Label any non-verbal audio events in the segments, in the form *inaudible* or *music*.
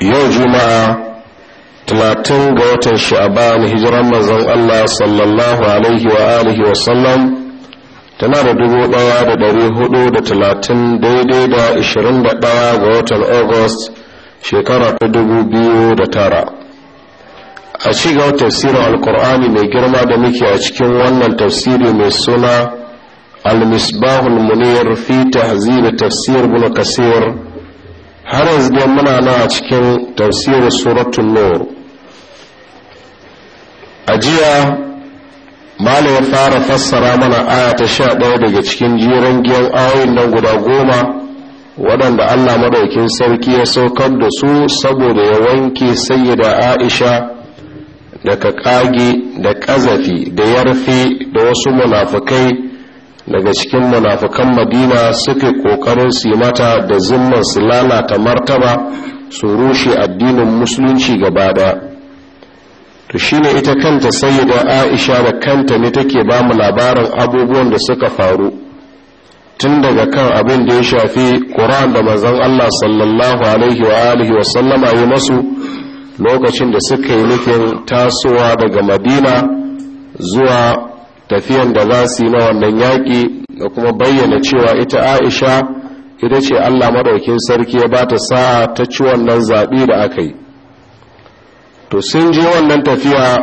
yau juma'a talatin ga watan na hijiran manzon Allah sallallahu alaihi wa alihi wa sallam tana da dubu ɗaya da dari hudu da talatin daidai da ishirin da ɗaya ga watan august shekara ta dubu biyu da tara a ci tafsirin alkur'ani mai girma da muke a cikin wannan tafsiri mai suna al-misbahul munir fi tahzib tafsir kasir har yanzu dai muna nan a cikin tafsirin suratul nur a jiya malam ya fara fassara mana aya ta sha ɗaya daga cikin jiran giyan ayoyin nan guda goma waɗanda allah madaukin sarki ya saukar da su saboda ya wanke sayyida aisha daga ƙage da kazafi da yarfe da wasu munafukai daga cikin munafukan madina suke kokarin su yi mata da zimman su lalata martaba su rushe addinin musulunci gaba daya to shine ita kanta sayyida aisha da kanta ne take ba mu labarin abubuwan da suka faru tun daga kan abin da ya shafi Qur'an da manzon Allah sallallahu alaihi wa alihi wa sallama ya masu lokacin da suka yi nufin tasowa daga Madina zuwa tafiyan da za su yi na wannan yaƙi da kuma bayyana cewa ita aisha ita ce allah maɗaukin sarki ya ba ta sa ta ci wannan zaɓi da aka yi to sun je wannan tafiya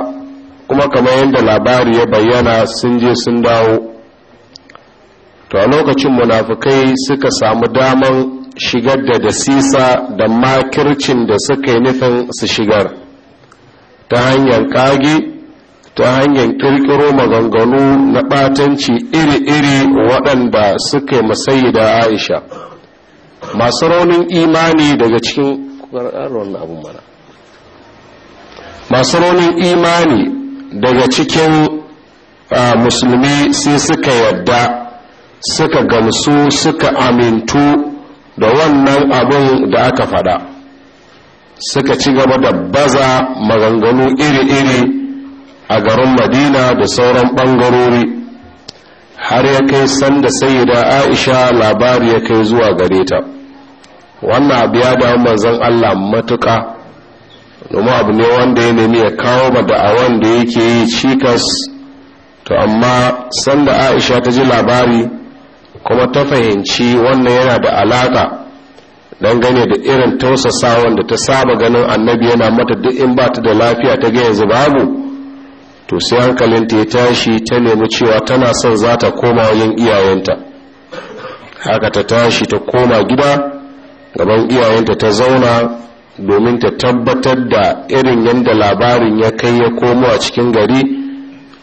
kuma kamar yadda labari ya bayyana sun je sun dawo to a lokacin munafukai suka samu daman shigar da dasisa da makircin da suka yi nufin su shigar ta hanyar kage ta hanyar ƙirƙiro maganganu na ɓatanci iri-iri waɗanda suka masayi da aisha masu raunin imani daga cikin abin masu raunin imani daga cikin musulmi sai suka yadda suka gamsu suka amintu da wannan abin da aka fada suka ci gaba da baza maganganu iri-iri a garin madina da sauran ɓangarori har ya kai sanda sayida aisha labari ya kai zuwa gare ta wannan abu ya dawo manzon allah matuƙa domin abu ne wanda ya nemi ya kawo ba da'awan da yake yi cikas to amma sanda aisha ta ji labari kuma ta fahimci wannan yana da alaƙa dangane da irin tausasawan da ta saba ganin annabi yana mata duk in ba ta da lafiya ta ga yanzu babu to sai hankalinta ya tashi ta nemi cewa tana son za ta koma yin iyayenta haka ta tashi ta koma gida gaban iyayenta ta zauna domin ta tabbatar da irin yadda labarin ya kai ya komo a cikin gari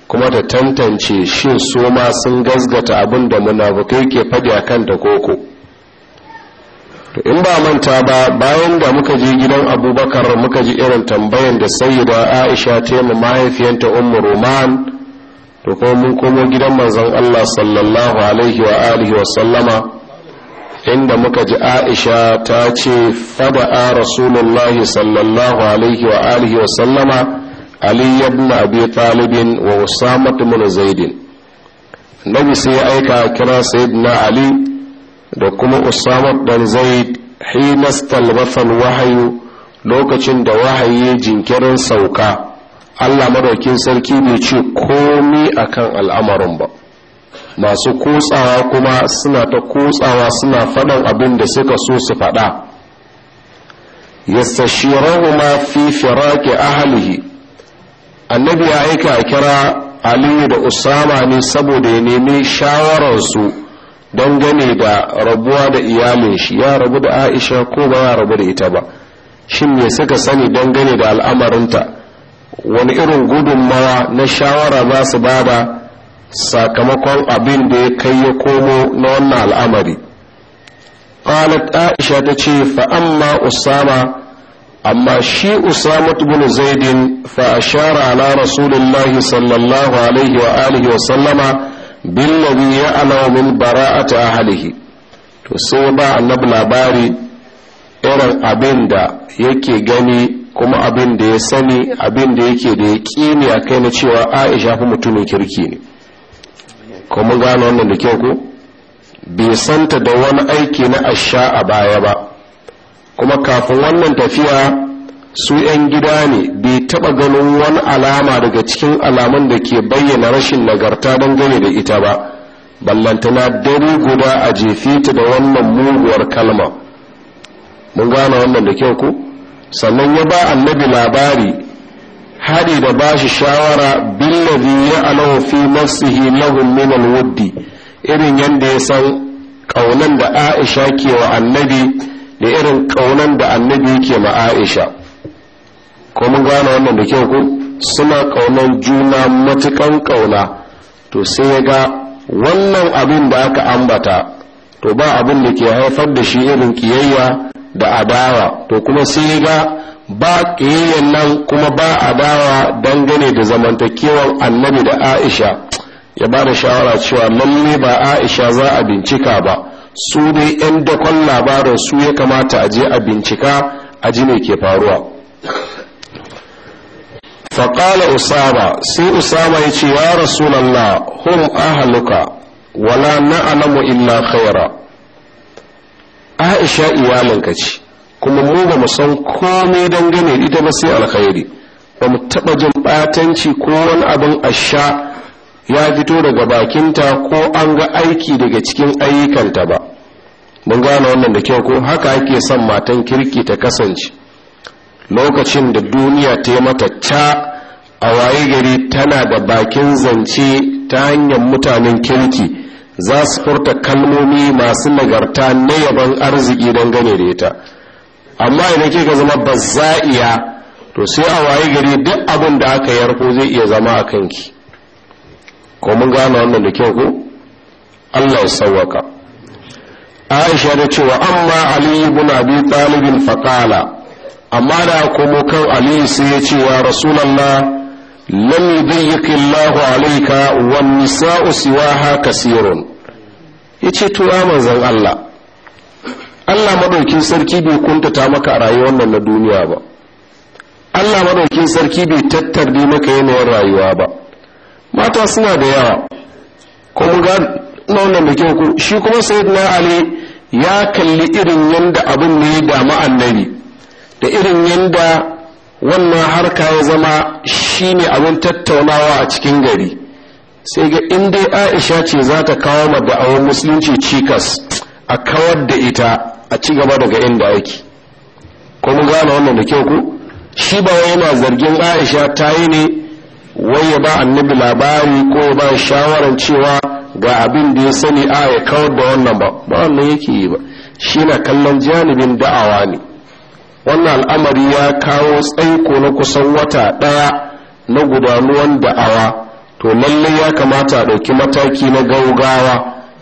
kuma ta tantance shin su ma sun gazgata abin da munafukai ke faɗi a kanta koko in ba manta ba bayan da muka je gidan abubakar muka ji irin tambayan da sayyida aisha ta ma mahaifiyanta umar roman to kuma mun komo gidan manzon allah sallallahu alaihi wa alihi wa sallama inda muka ji aisha ta ce fada'a rasulullahi sallallahu alaihi wa alihi wa sallama ali ibn abi talibin wa usama ibn zaidin nabi sai aika kira sayyidina ali da kuma usama dan zaid hina stalbafal wahayu lokacin da wahayi jinkirin sauka allah madaukin sarki bai ce komi akan al'amarin ba masu kotsawa kuma suna ta kotsawa suna faɗan abin da suka so su faɗa ma fi firaqi ahlihi annabi ya aika kira aliyu da usama ne saboda ya nemi shawararsu dangane da rabuwa da iyalin shi ya rabu da aisha ko ba ya rabu da ita ba shin me suka sani dangane da al'amarinta wani irin gudunmawa na shawara za su bada sakamakon abin da ya kai ya komo na wannan al'amari qalat aisha ta ce fa amma usama amma shi usama ibn zaidin fa ashara ala rasulullahi sallallahu alaihi wa alihi wa sallama billabi ya alawa min bara'ati ahlihi to sai ba annabi labari irin abin da yake gani kuma abin da ya sani abin da yake da ya kini a kai na cewa aisha fi mutumin kirki ne kuma gano wannan da kyau ko bai santa da wani aiki na asha a baya ba kuma kafin wannan tafiya su 'yan gida ne bai taɓa ganin wani alama daga cikin alaman da ke bayyana rashin nagarta dangane da ita ba ballantana dare guda a jefe ta da wannan muguwar kalma mun gane wannan da kyau ku. sannan ya ba annabi labari haɗi da ba shi shawara billazi ya alahu fi nafsihi lahum minal wuddi irin yadda ya san ƙaunan da aisha ke wa annabi da irin ƙaunan da annabi ke ma aisha ko mun gane wannan da kyau ko suna kaunan juna matukan kauna to sai ya ga wannan abin da aka ambata to ba abin da ke haifar da shi irin kiyayya da adawa to kuma sai ya ga ba kiyayyan nan kuma ba adawa dangane da zamantakewar annabi da aisha ya ba da shawara cewa lalle ba aisha za a bincika ba su dai 'yan dakon labarin su ya kamata a je a bincika a ji ne ke faruwa faƙala usama sai usama ya ce ya rasulallah hum ahaluka wala alamu illa khaira aisha iyalinka ce kuma mu ba mu san komai dangane ita ba sai alkhairi ba mu taɓa jin ɓatanci ko wani abin asha ya fito daga bakinta ko an ga aiki daga cikin ayyukanta ba mun gane wannan da kyau ko haka ake son matan kirki ta kasance lokacin da duniya ta yi mata ca a waye gari tana da bakin zance ta hanyar mutanen kirki za su furta kalmomi masu nagarta na yaban arziki don gane da ita amma idan kika zama ba iya to sai a waye gari duk abin da aka yarko zai iya zama a kanki ko mun gane wannan da kyau ko Allah ya sawwaka Aisha da cewa amma Ali ibn bi talibin faqala amma da komo kan aliyu sai ya ce wa rasulallah lam yudayyiki Allahu alayka wan nisa'u siwaha kasirun yace to ya manzon Allah Allah madaukin sarki bai kuntata maka a rayuwar nan na duniya ba Allah madaukin sarki bai tattarde maka yanayin rayuwa ba mata suna da yawa kuma ga wannan da kyau shi kuma sayyidina ali ya kalli irin yanda abin ne da annabi da irin yanda wannan harka ya zama shine abin tattaunawa a cikin gari sai ga inda aisha ce za ta kawo ma awon musulunci cikas a kawar da ita a ci gaba daga inda aiki ko gane wannan da kyau ku shi ba wai yana zargin aisha ta yi ne wai ya ba annabi labari ko ya ba shawaran cewa ga abin da ya sani a ya kawar da wannan ba ba wannan yake yi ba shi na kallon janibin da'awa ne wannan al'amari ya kawo tsaiko na kusan wata ɗaya na gudanuwan da'awa to lalle ya kamata a ɗauki mataki na gaugawa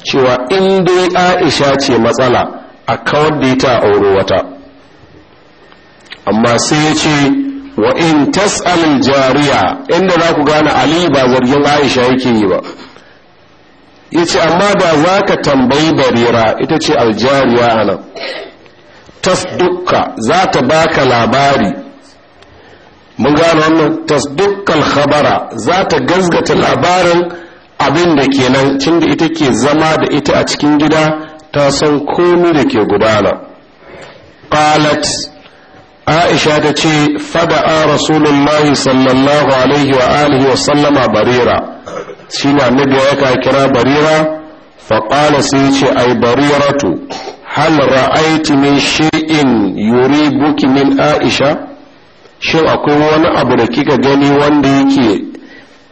cewa in dai aisha ce matsala a kawar da ita a auro wata amma sai ya ce wa in tas'alil jariya inda za ku gane ali ba zargin aisha yake yi ba ya ce amma da za ka tambayi barira ita ce aljariya a nan tasdukka za ta baka labari mun gano wannan tasdukkan khabara za ta gazgata labarin abin da kenan tun da ita ke zama da ita a cikin gida ta san komi da ke gudana qalat aisha ta ce fada'a rasulullahi sallallahu alaihi wa alihi wa sallama barira shi na ya kira barira faƙala sai ce ai bariratu hal ra'aiti min shay'in yuribuki min aisha shin akwai wani abu da kika gani wanda yake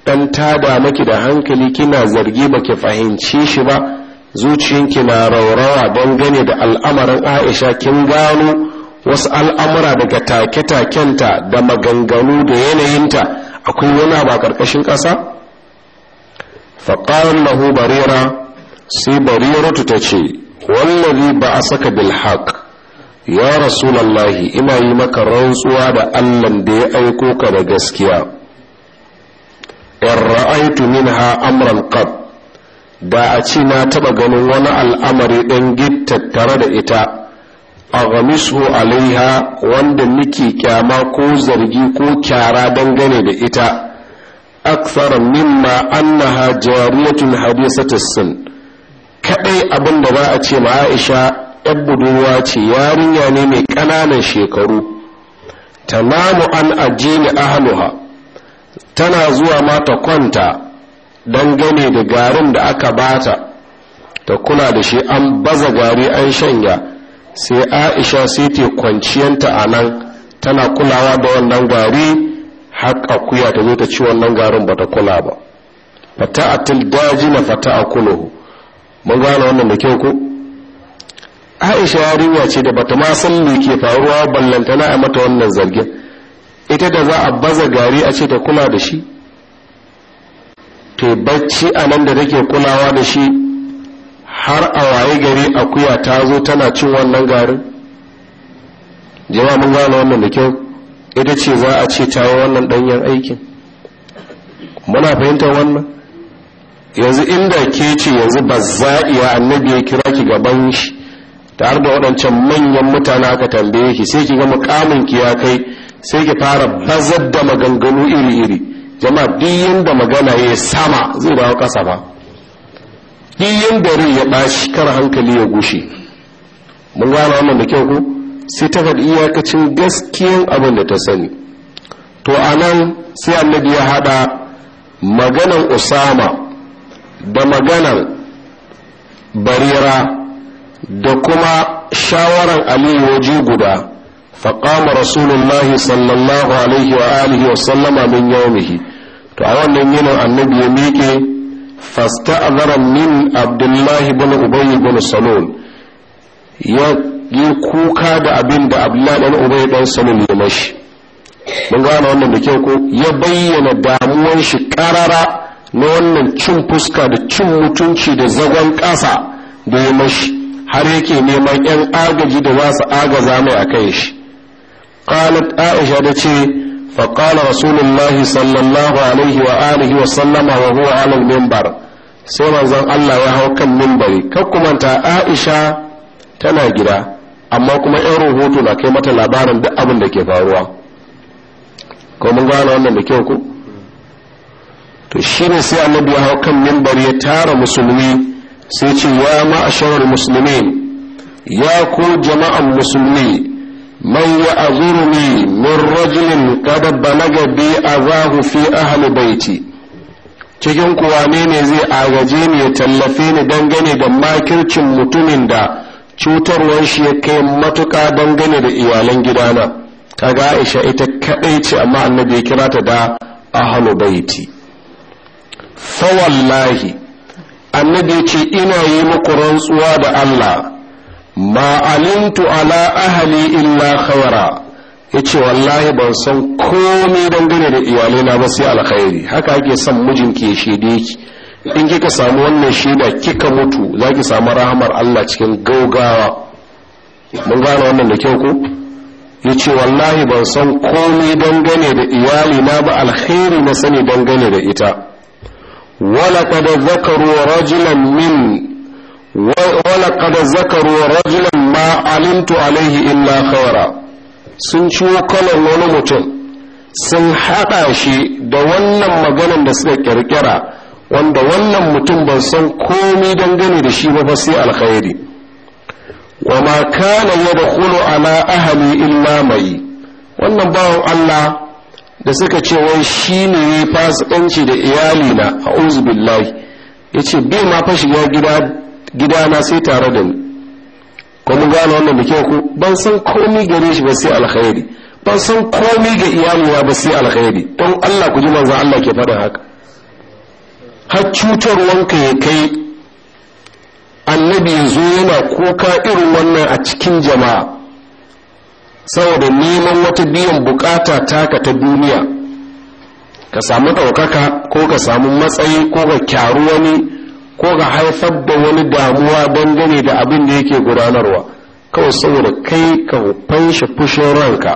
dan tada maki da hankali kina zargi baki fahimci shi ba zuciyanki na raurawa don gane da al'amarin aisha kin gano wasu al'amura daga take ta da maganganu da yanayinta akwai wani abu a ƙarƙashin ƙasa faƙarin lahu barira sai bariratu ta ce wallazi ba a saka bilhaq ya rasulullahi ina yi maka rantsuwa da allan da ya aiko ka da gaskiya in ra'aitu minha amran qad da a ce na taba ganin wani al'amari ɗan gittattare da ita a gamisu alaiha wanda nake kyama ko zargi ko kyara dangane da ita aksara mimma annaha jariyatun hadisatus kadai abin da za a ce ma aisha yan budurwa ce yarinya ne mai ƙananan shekaru ta namu an aje ni ahluha tana zuwa ma ta kwanta don gane da garin da aka bata ta kula da shi an baza gari an shanya sai aisha sai ta kwanciyanta a nan tana kulawa da wannan gari har akuya ta zo ta ci wannan garin ba ta kula ba fata a atil daji na fata a akuluhu mun gane wannan da kyau ko aisha yarinya ce da bata ma san me ke faruwa ballantana a mata wannan zargin ita da za a baza gari a ce ta kula da shi to bacci a nan da take kulawa da shi har a waye gari akuya ta zo tana cin wannan garin jama mun gane wannan da kyau ita ce za a ce ta wannan danyen aikin muna fahimtar wannan yanzu inda ke ce yanzu ba za'iya annabi ya kira ki gaban shi tare da waɗancan manyan mutane aka tambaye ki sai ki ga mukamin ki ya kai sai ki fara bazar da maganganu iri-iri jama'a duk yadda magana ya sama zai dawo kasa ba duk yadda rai ya bashi kar hankali ya gushe mun gano wannan da kyau ko sai ta faɗi iyakacin gaskiyan abin da ta sani to anan sai annabi ya haɗa maganan usama da maganar barira da kuma shawaran aliyu waje guda faƙama rasulullahi sallallahu alaihi wa alihi wa sallama min yaumihi to a wannan yinin annabi ya miƙe fasta'azara min abdullahi bin ubayy bin salul ya yi kuka da abinda da abdullahi bin ubayy bin salul ya mashi mun gane wannan da kyau ko ya bayyana damuwan shi ƙarara na wannan cin fuska da cin mutunci da zagon ƙasa da ya mashi har yake neman 'yan agaji da za su agaza mai a kai shi aisha da ce تشي فقال sallallahu alaihi wa alihi wa sallama wa huwa alal mimbar sai manzon Allah ya hau kan mimbari kakkumanta Aisha tana gida amma kuma yan rahoto na kai mata labarin duk abin da ke faruwa ko mun gane wannan da kyau ku to shi sai annabi ya hau kan mimbar ya tara musulmi sai ce ya ma'asharar musulmi ya ku jama'an musulmi man ya'zuruni min rajulin qad balaga bi azahu fi ahli baiti cikin kuwa ne ne zai agaje ni ya tallafe ni dangane da makircin mutumin da cutarwar shi ya kai matuka dangane da iyalan gidana kaga aisha ita kadai ce amma annabi ya kira ta da ahlu baiti fawallahi annabi ya ce ina yi muku rantsuwa da Allah ma alintu ala ahali illa khawara ya ce wallahi ban san komai dangane da iyalai na ba sai alkhairi haka ake son mijinki ya shaide ki in kika samu wannan shaida kika mutu za ki samu rahamar Allah cikin gaugawa mun gane wannan da kyau ko ya ce wallahi ban san komai dangane da iyali na ba alkhairi na sani dangane da ita ولقد ذكروا رجلا من ولقد ذكروا رجلا ما علمت عليه الا خيرا sun ciwo kalan wani mutum sun haɗa shi da wannan maganan da suka ƙirƙira wanda wannan mutum ban san komi dangane da shi ba sai alkhairi wa ma kana yadkhulu ala ahli illa mai wannan bawan Allah da suka ce wai shi ne ya fasikanci da iyali na a uzubillahi ya ce biyu ma fa shiga gida na sai tare da ni ko mun gane wannan da kyau ko ban san komai gare shi ba sai alkhairi ban san komai ga iyalina ba sai alkhairi don Allah ku ji manzo Allah ke faɗin haka har cutarwanka ya kai annabi ya zo yana kuka irin wannan a cikin jama'a saboda neman wata biyan bukata taka ta duniya ka samu ɗaukaka ko ka samu matsayi ko ka kyaru wani ko ka haifar da wani damuwa dangane da abin da yake gudanarwa kawai saboda kai ka hufan shi fushin ranka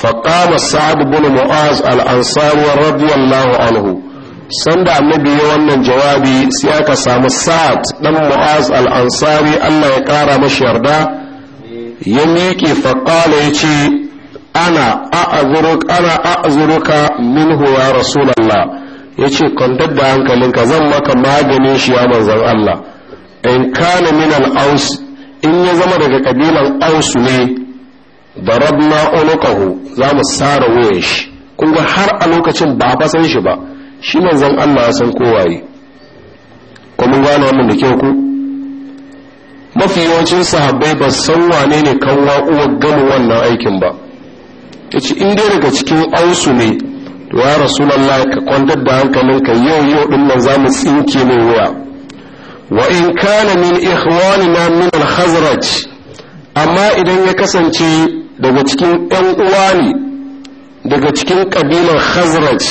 faƙama sa'ad bin mu'az al-ansari radiyallahu anhu sanda annabi ya wannan jawabi sai aka samu sa'ad dan mu'az al-ansari Allah ya ƙara mashi yarda ya miƙe faƙala ya ce ana azuruka minhu ya rasulallah ya ce kwantar da hankalinka zan maka maganin shi ya manzan Allah in kana min al'aus in ya zama daga kabilan aus ne da rabna unuqahu za mu sara wuyan shi kunga har a lokacin ba a san shi ba shi manzan Allah ya san kowaye kuma gane wannan da kyau ku mafi yawancin sahabbai ba san wane ne kanwa uwar gama wannan aikin ba ya ce in dai daga cikin ausu ne to ya rasulallah ka kwantar da hankalinka yau yau din nan zamu tsinke ne wuya wa in kana min ikhwanina min al-khazraj amma idan ya kasance daga cikin yan uwa ne daga cikin kabilar khazraj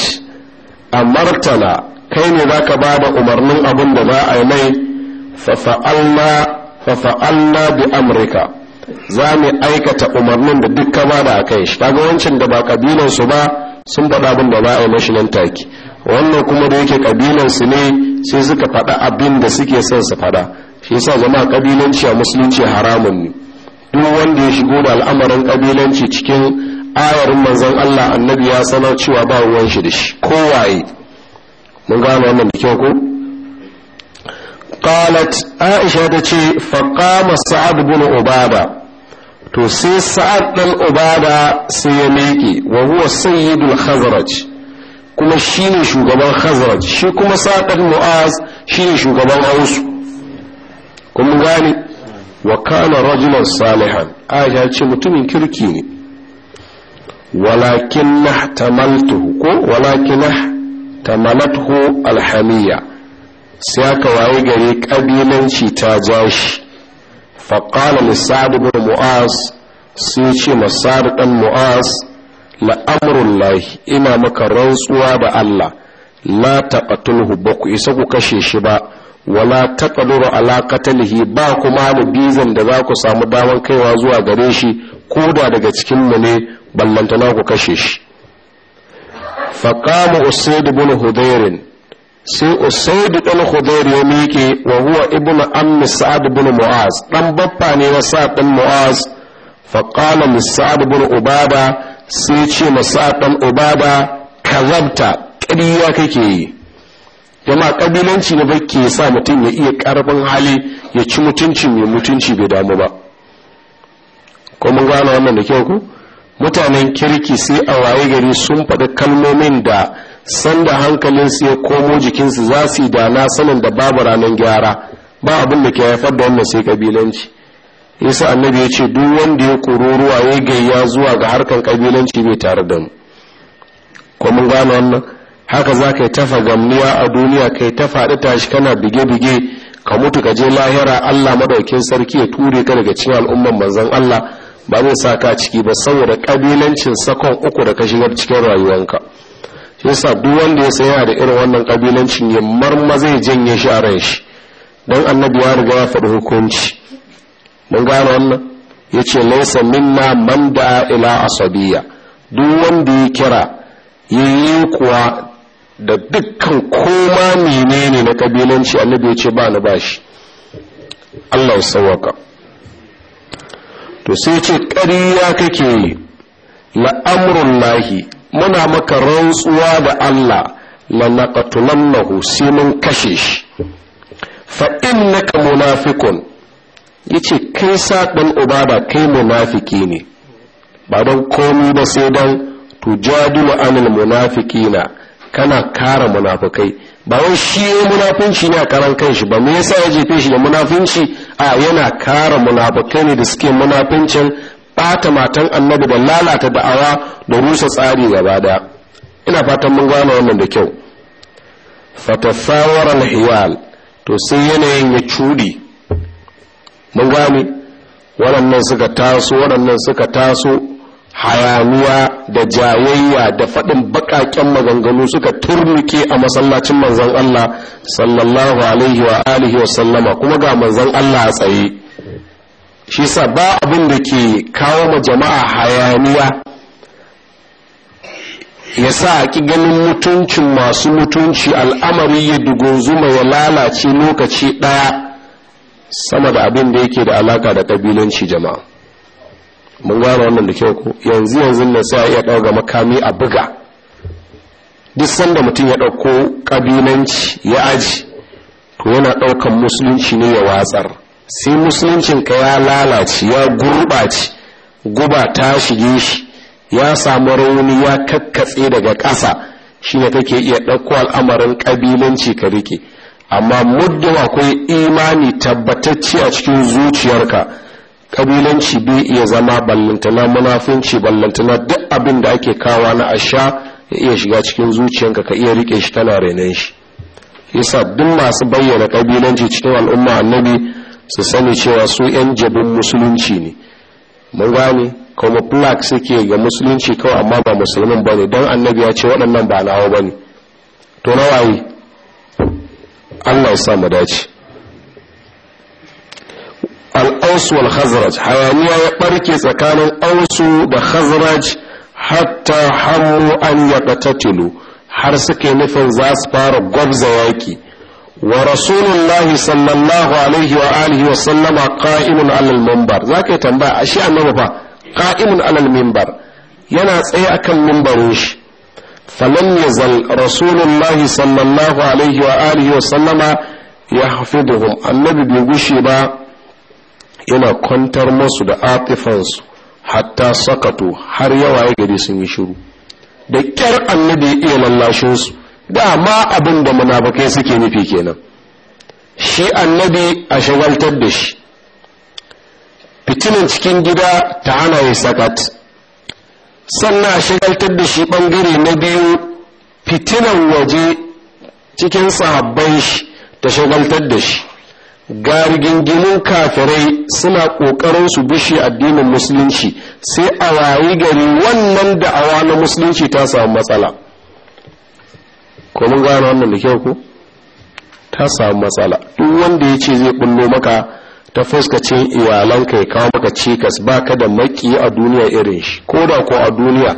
a martala kai ne za ka ba da umarnin abin da za a yi mai fa fa'alna fa fa'alna bi amrika za mu aikata umarnin da duk kama da kai shi kaga wancan da ba kabilan su ba sun faɗa bin da ba a mashi nan take wannan kuma da yake kabilan su ne sai suka faɗa abin da suke son su faɗa shi yasa zama kabilanci a musulunci haramun ne duk wanda ya shigo da al'amarin kabilanci cikin ayarin manzon Allah annabi ya sanar cewa ba ruwan shi da shi kowaye mun gano wannan da kyau ko قالت عائشة تشي فقام Sa'ad بن Obada to sai sa'ad ɗan Obada sai ya miƙe wa huwa sayyidul khazraj kuma shine shugaban khazraj shi kuma sa'ad ɗan mu'az shine shugaban ausu kun gane wa kana rajulan salihan aisha ce mutumin kirki ne walakin nahtamaltuhu ko walakin nahtamalatuhu alhamiya sai aka waye gari ƙabilanci ta jashi shi faƙala misali bin mu'az sai ce masadu ɗan mu'az la'amurullahi ina maka rantsuwa da allah la tulhu ba ku isa ku kashe shi ba wala lura ala qatlihi ba kuma da bizan da za ku samu damar kaiwa zuwa gare shi ko da daga cikin mu ne ballantana ku kashe shi faqama da ibn hudayr sai usaidu ɗan hudair ya miƙe wa huwa ibnu ammi sa'ad bin mu'az ɗan baffa ne na sa'ad bin mu'az fa qala bin sa'ad ubada sai ce ma bin ubada kazabta ƙarya kake yi jama'a kabilanci ne ke sa mutum ya iya karfin hali ya ci mutunci mai mutunci bai damu ba ko mun gano wannan da kyau ku mutanen kirki sai a waye gari sun faɗi kalmomin da sanda hankalinsu ya komo jikinsu za su yi dana sanin da babu ranar gyara ba abin da ke haifar da wannan sai kabilanci yasa annabi ya ce duk wanda ya kururuwa ya gayya zuwa ga harkan kabilanci bai tare da mu ko mun gane wannan haka za ka yi tafa gamniya a duniya ka yi ta faɗi tashi kana bige-bige ka mutu ka je lahira allah madaukin sarki ya ture ka daga cikin al'umman manzon allah ba zai sa ka ciki ba saboda kabilancin sakon uku da ka shigar cikin rayuwanka yasa duk wanda ya tsaya da irin wannan kabilancin ya marma zai janye shi a ran shi don annabi ya riga ya faɗi hukunci mun gano wannan ya ce laisa minna man da ila asabiya duk wanda ya kira ya yi kuwa da dukkan koma menene na kabilanci annabi ya ce ba ni bashi Allah sawaka to sai ce ƙarya kake yi la'amrun muna maka rantsuwa da Allah lanaqtulannahu sai mun kashe shi fa innaka munafiqun yace kai saɗin ubada kai munafiki ne ba don komi ba sai don tujadilu anil munafiqina kana kara munafikai ba wai shi munafinci ne a karan kanshi ba me yasa ya jefe shi da munafinci a yana kara munafikai ne da suke munafincin Bata matan annabi da lalata da'awa da rusa tsari gaba daya ina fatan mun gane wannan da kyau fatasawar alhiyal to sai yanayin ya cudi. mun gane waɗannan suka taso waɗannan suka taso hayaniya da jayayya da faɗin baƙaƙen maganganu suka turnuke a masallacin manzon Allah sallallahu alaihi wa alihi wa sallama kuma ga manzon Allah a tsaye shi sa ba abin da ke kawo ma jama'a hayaniya ya sa a ƙi ganin mutuncin masu mutunci al'amari ya dugozuma ya lalace lokaci ɗaya sama da abin da yake da alaka da ƙabilanci jama'a mun gano wannan da kyau yanzu yanzu na sai iya ɗauka makami a buga duk sanda mutum ya ɗauko ƙabilanci ya aji to yana ɗaukan musulunci ne ya watsar sai musuluncinka ya lalace ya gurɓace guba ta shige shi ya samu rauni ya kakkatse daga ƙasa shi ne kake iya ɗauko al'amarin ƙabilanci ka rike amma muddin akwai imani tabbatacce a cikin zuciyarka ƙabilanci bai iya zama ballantana munafunci ballantana duk abin da ake kawa na asha ya iya shiga cikin zuciyarka ka iya rike shi kana renon shi yasa duk masu bayyana ƙabilanci cikin al'umma annabi su sani cewa su 'yan jabin musulunci ne mun gane kuma plak suke ga musulunci kawai amma ba musulmin ba ne don annabi ya ce waɗannan ba nawa ba ne to na waye allah sa mu dace al'aus wal khazraj hayaniya ya ɓarke tsakanin ausu da khazraj hatta hamu an ya har suke nufin za su fara gwabza yaki ورسول الله صلى الله عليه وآله وسلم قائم على المنبر ذاك يتنبع أشياء النبفة قائم على المنبر يناس أي أكل منبروش فلم يزل رسول الله صلى الله عليه وآله وسلم يحفظهم النبي بيقوشي با yana kwantar masu da atifansu hatta sakato har yawa ya gari sun yi shiru da kyar annabi ya iya lallashinsu dama abin da munafakai suke nufi kenan shi annabi a shagaltar da shi fitinin cikin gida ta hana ya sakat sannan a shagaltar da shi bangare na biyu fitinan waje cikin sahabban shi ta shagaltar da shi ginin kafirai suna ƙoƙarin su bishi addinin musulunci sai a rayu gari wannan da'awa na musulunci ta samu matsala ko mun gane wannan da kyau ko ta samu matsala duk wanda ya ce zai bullo maka ta fuskacin iyalanka ya kawo maka cikas baka da maki a duniya irin shi ko da ko a duniya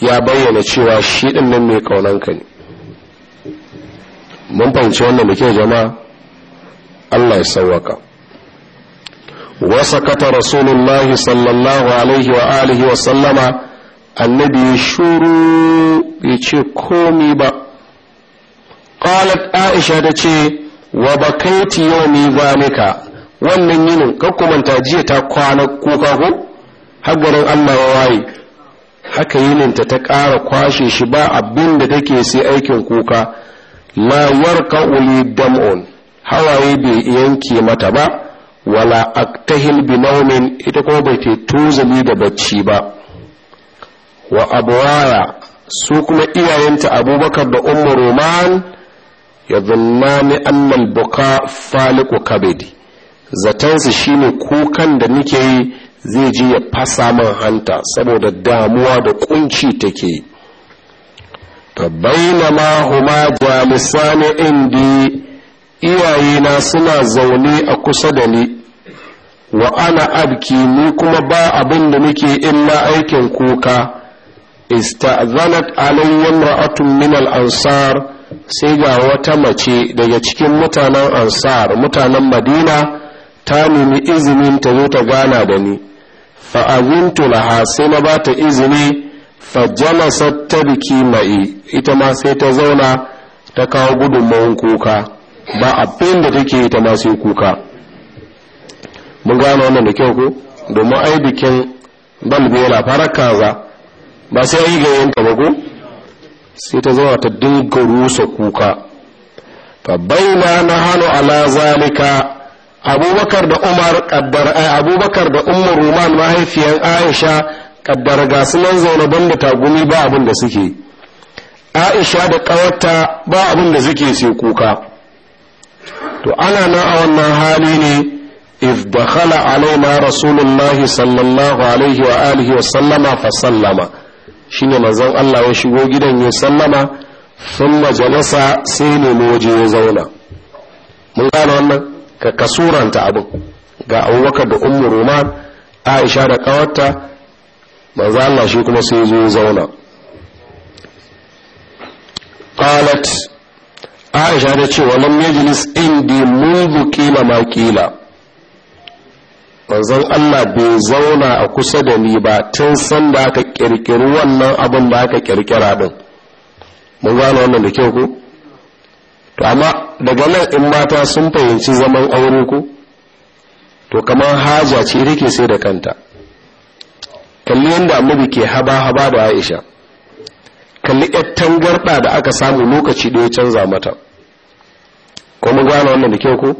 ya bayyana cewa shi din nan mai kaunanka ne mun fahimci wannan da kyau jama'a Allah ya sauwaka وسكت رسول الله صلى الله عليه وآله وسلم النبي شروع يتشي كومي ba. قالت aisha ta ce wa bakaiti ni wannan yinin ka jiya ta kwana kuka ko haggarin Allah ya waye haka yininta ta ƙara kwashe shi ba abin da take sai aikin kuka la warqa uli dam'un hawaye bai yanke mata ba wala aktahil bi naumin ita kuma bai ta tuzumi da bacci ba wa abwaya su kuma iyayenta abubakar da ummu roman ya zunnani annal buka faliku kabedi zatansu shine kukan da nake yi zai ji ya fasa man hanta saboda damuwa da kunci take to bainama huma jalisani indi iyayena suna zaune a kusa da ni wa ana abki ni kuma ba abin da muke illa aikin kuka ista'zanat alayya ra'atun min al-ansar sai ga wata mace daga cikin mutanen ansar mutanen madina ta nemi izinin ta zo ta gana da ni fa'azintu laha sai na ba ta izini fajalasat ta biki mai ita ma sai ta zauna ta kawo gudunmawan kuka ba abin da take ita ma sai kuka mun gano wannan da kyau ko domin ai bikin balbela farar kaza ba sai yi ga yanka ba ko sai ta zama ta dinga rusa kuka fa baina na hannu ala zalika abubakar da umar kaddar ai eh, abubakar da umar ruman mahaifiyar aisha kaddar ga su nan zaune banda tagumi ba abin da suke aisha da kawarta ba abin da suke sai kuka to ana nan a wannan hali ne if dakhala alaina rasulullahi sallallahu alaihi wa alihi wa sallama fa sallama. ne manzon Allah ya shigo gidan ya sallama sun majalasa sai nemi waje ya zauna mun gane wannan ka kasuranta abin ga abubakar da ummu ruman aisha da kawarta manzo Allah shi kuma sai zo ya zauna qalat aisha da cewa lam yajlis indi mundu qila ma qila manzon Allah bai zauna a kusa da ni ba tun sanda aka kirkiri wannan abin da aka kirkira din mun gane wannan da kyau ko to amma daga nan in mata sun fahimci zaman aure ko to kamar haja ce take sai da kanta kalli yadda annabi ke haba haba da Aisha kalli yar tangarda da aka samu lokaci da ya canza mata ko mun gane wannan da kyau ko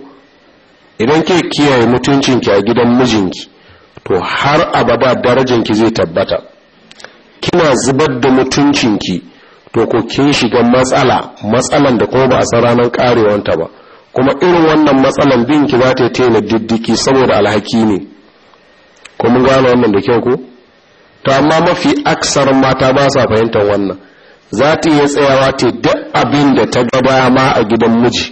idan ke kiyaye mutuncinki a gidan mijinki to har abada darajinki zai tabbata kina zubar da mutuncinki to ko kin shiga matsala matsalan da ko ba a san ranar karewanta ba kuma irin wannan matsalan bin ki za ta yi tena diddiki saboda alhaki ne ko mun gane wannan da kyau ko to amma mafi aksar mata ba sa fahimtar wannan za ta iya tsayawa ta duk abin da ta gaba ma a gidan miji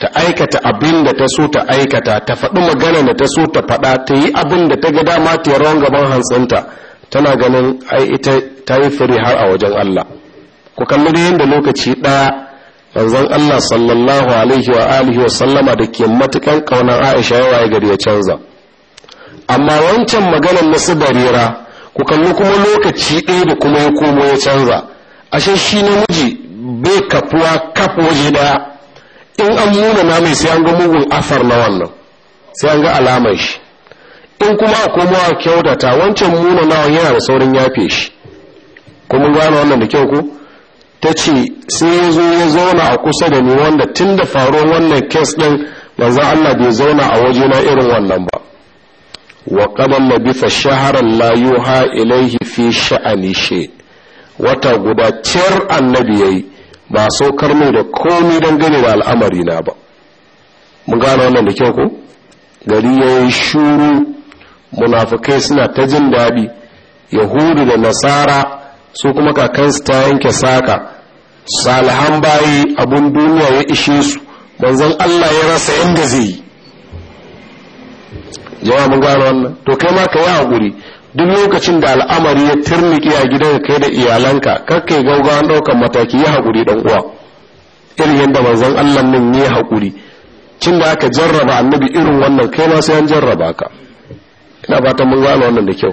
ta aikata abin da ta so ta aikata ta faɗi magana da ta so ta faɗa ta yi abin da ta ga dama ta yi rawan gaban hantsinta tana ganin ai ita ta yi fure har a wajen Allah ku kalli da yadda lokaci ɗaya manzon Allah sallallahu alaihi wa alihi wa sallama da ke matukan kaunar Aisha yawa ya gari ya canza amma wancan maganar na barira ku kalli kuma lokaci ɗaya da kuma ya komo ya canza ashe shi namiji bai kafuwa kaf waje ɗaya in an muna na mai sai an ga mugun afar na wannan sai an ga alamar shi in kuma a komawa kyautata wancan munanawa yana da saurin yafe shi kuma gane wannan da kyau ko ta ce sai ya zo ya zauna a kusa da ni wanda tun da faruwar wannan kes ɗin manzo Allah bai zauna a waje na irin wannan ba wa qadan labitha shahran la yuha ilayhi fi sha'ani she wata guda ciyar annabi yayi ba saukar mai da komai dangane da al'amari na ba mun gane wannan da kyau ko gari yayi shuru munafukai suna ta jin daɗi yahudu da nasara su kuma kakansu ta yanke saka salihan bayi abun duniya ya ishe su manzon allah ya rasa inda zai yi jama'a mun gano wannan to kai ma ka yi hakuri duk lokacin da al'amari ya turniki a gidan kai da iyalanka kakkai gaugawan ɗaukar mataki ya haƙuri ɗan uwa irin yadda manzon allah nan ya hakuri cin da aka jarraba annabi irin wannan kai ma sai an jarraba ka ina ta mun gane wannan da kyau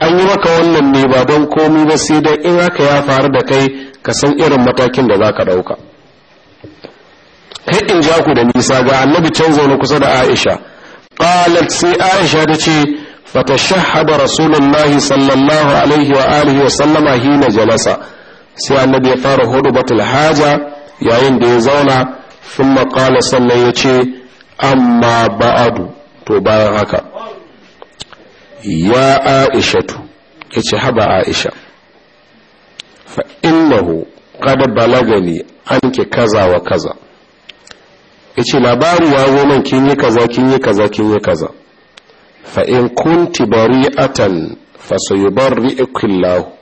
an yi maka wannan ne ba don komi ba sai dai in haka ya faru da kai ka san irin matakin da za ka ɗauka kai in ja ku da nisa ga annabi can zaune kusa da aisha qalat sai aisha ta ce fatashahhada rasulullahi sallallahu alaihi wa alihi wa sallama hina jalasa sai annabi ya fara hudu batul haja yayin da ya zauna thumma qala sannan ya ce amma ba'adu to bayan haka ya aishatu ya ce haba aisha fa innahu kada balagani an ki kaza wa kaza ya ce labaru ya zo man kin yi kaza kin yi kaza kin yi kaza fa in kunti bari'atan fa sayubarri'ukullahu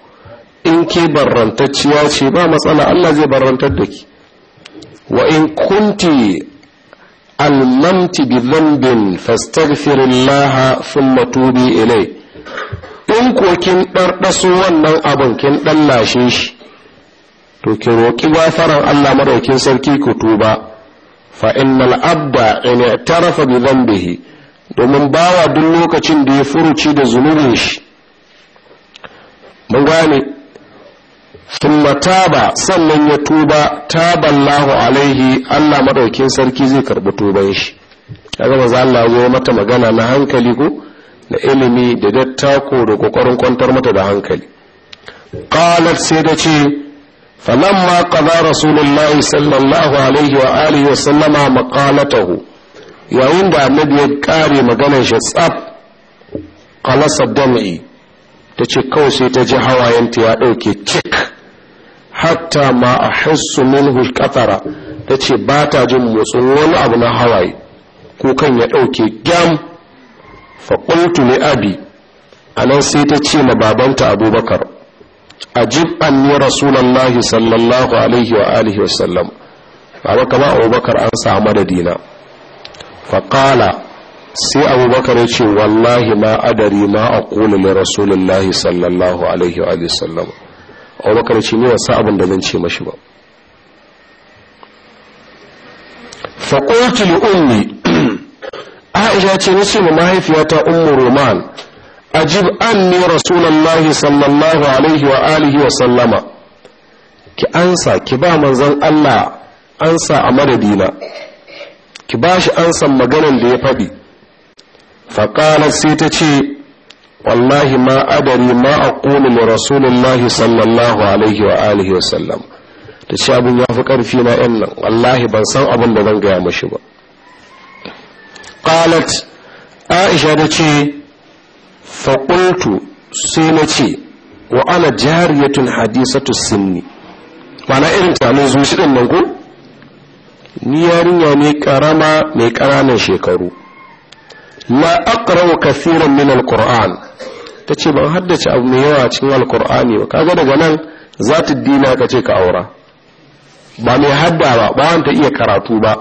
in ke barantacciya ce ba matsala Allah zai barantar da ki wa in kunti almamti bi zambin fastaghfirullah thumma tubi ilai in ko kin ɗarɗaso wannan abin kin ɗan lashe shi to ki roƙi gafaran Allah madaukin sarki ku tuba fa innal abda in i'tarafa bi dhanbihi domin bawa duk lokacin da ya furuci da zunubin shi mun gane thumma taba sannan ya tuba taballahu alaihi Allah madaukin sarki zai karbi tuban shi kaga manzo Allah zo mata magana na hankali ko da ilimi da dattako da kokarin kwantar mata da hankali qalat sai da ce فلما قضى رسول الله صلى الله عليه وآله وسلم مقالته yayin da annabi ya kare maganar shi tsaf qalasa dam'i ta ce kawai sai ta ji hawayenta ya ɗauke cik hatta ma a hassu minhu katara ta ce ba ta jin motsin wani abu na hawaye kan ya ɗauke gyam faƙultu ne abi a nan sai ta ce ma babanta abubakar ajib an ni rasulallahi sallallahu alaihi wa alihi wasallam baba kama abubakar an samu madadina faƙala sai abubakar ya ce wallahi ma adari ma a ƙulilin rasulullahi sallallahu alaihi wa sallam abubakar ce ne wasu abin da zan ce mashi ba faƙultu li *clears throat* aisha ce na ce ma mahaifiyata ummu roman ajib an ne rasulallahi sallallahu alaihi wa alihi wa sallama ki ansa ki ba manzan allah ansa a madadina ki ba shi ansan maganan da ya faɗi faƙalar sai ta ce wallahi ma adari ma a li rasulillahi sallallahu alaihi wa alihi wa sallam ta abin ya fi karfi na yan nan wallahi ban san abin da zan gaya mashi ba qalat aisha ta ce fa sai na ce wa ana jariyatun hadisatu sinni mana irin tamin zuci din nan ko ni yarinya ne karama mai ƙananan shekaru la aqra'u kathiran min alquran ta ce ban haddace abu mai yawa cikin alkur'ani ba kaga daga nan za ta dina ka ce ka aura ba mai hadda ba ba wanda iya karatu ba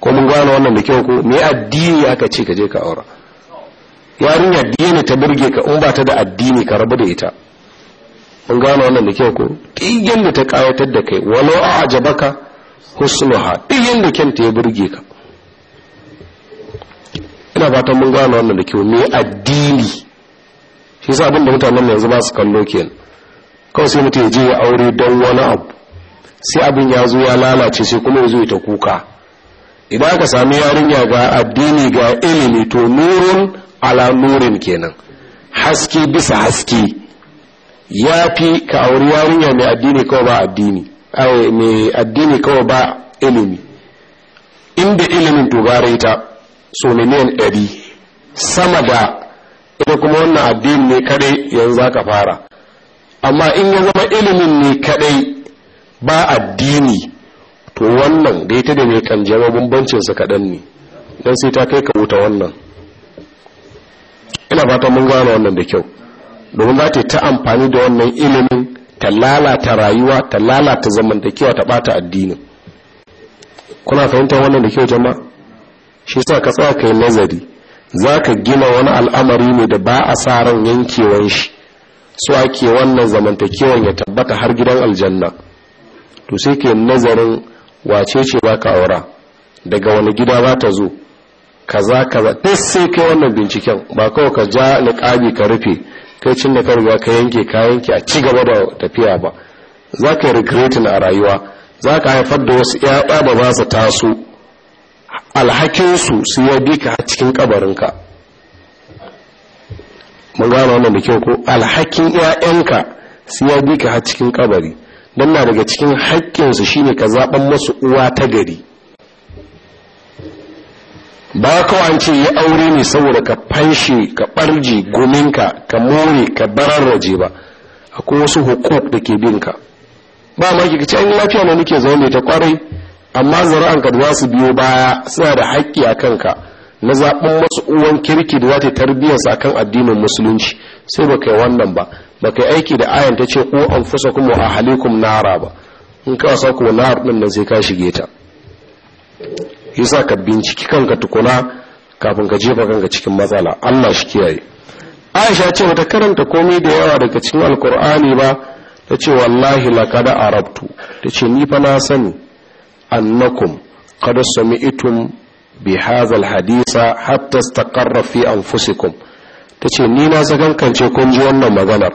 ko mun gane wannan da kyau ko mai addini aka ce ka je ka aura yarinya addini ta burge ka in ba ta da addini ka rabu da ita mun gane wannan da kyau ko digin da ta kayatar da kai walau a ajabaka husnuha digin da kyanta ya burge ka ina fatan mun gane wannan da kyau mai addini shi sa abinda da mutanen yanzu ba su kallo kenan kawai sai mutum ya je ya aure don wani abu sai abin ya zo ya lalace sai kuma ya zo ta kuka idan aka sami yarinya ga addini ga ilimi to nurin ala nurin kenan haske bisa haske ya fi ka auri yarinya mai addini kawai ba addini mai addini kawai ba ilimi inda ilimin to ba ta so miliyan ɗari sama da ita kuma wannan addini ne kadai yanzu ka fara amma in ya zama ilimin ne kadai ba addini to wannan da ita da mai kanjama bambancin su kaɗan ne dan sai ta kai ka wuta wannan ina fata mun gano wannan da kyau domin za ta ta amfani da wannan ilimin ta lalata rayuwa ta lalata zamantakewa ta bata addini kuna fahimtar wannan da kyau jama'a shi sa ka tsaya kai nazari za ka gina wani al'amari ne da ba a sa ran yankewan shi su ake wannan zamantakewan ya tabbata har gidan aljanna to sai ke nazarin wace ce ba ka aura daga wani gida ba ta zo kaza kaza ta sai kai wannan binciken ba kawai ka ja niƙabi ka rufe kai cin da ka riga ka yanke ka yanke a ci gaba da tafiya ba za ka yi regretin a rayuwa za ka haifar da wasu 'ya'ya da za su taso alhakinsu su ya bi ka cikin kabarinka mun gano wannan da kyau ko alhakin 'ya'yanka su ya bi ka cikin kabari don na daga cikin haƙƙinsu shine ka zaɓan masu uwa ta gari ba kawai an ce yi aure ne saboda ka fanshe ka ɓarji gominka ka more ka bararraje ba akwai wasu hukuk da ke binka ba ma ki ce an lafiya ne nake zaune ta kwarai amma zara'an ka da su biyo baya suna da haƙƙi a kanka na zaɓin masu uwan kirki da za ta tarbiyyarsa akan addinin musulunci sai ba kai wannan ba ba kai aiki da ayan ta ce ko an fusa kuma a halikum nara ba in ka wasa kuma nahar ɗin nan sai ka shige ta yasa ka binciki kanka tukuna kafin ka jefa kanka cikin matsala Allah shi kiyaye Aisha ce wata karanta komai da yawa daga cikin alkur'ani ba ta ce wallahi laqad arabtu ta ce ni fa na sani annakum qad sami'tum bi hadha alhadisa hatta istaqarra fi anfusikum tace ni na sakankance kun ji wannan maganar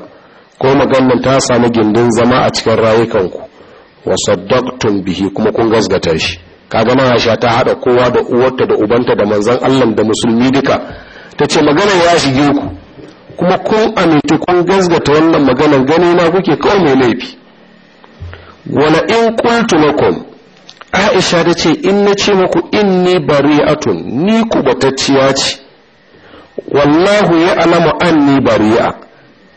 ko maganar ta samu gindin zama a cikin rayukanku wa saddaqtum bihi kuma kun gasgata shi kaga nan Aisha ta hada kowa da uwarta da ubanta da manzon Allah da musulmi duka tace maganar ya shige ku kuma kun amintu kun gasgata wannan maganar gani na kuke kawai mai laifi wala in qultu lakum aisha ta ce in na ce muku inni bari'atun ni ku batacciya ce wallahu ya alamu anni bari'a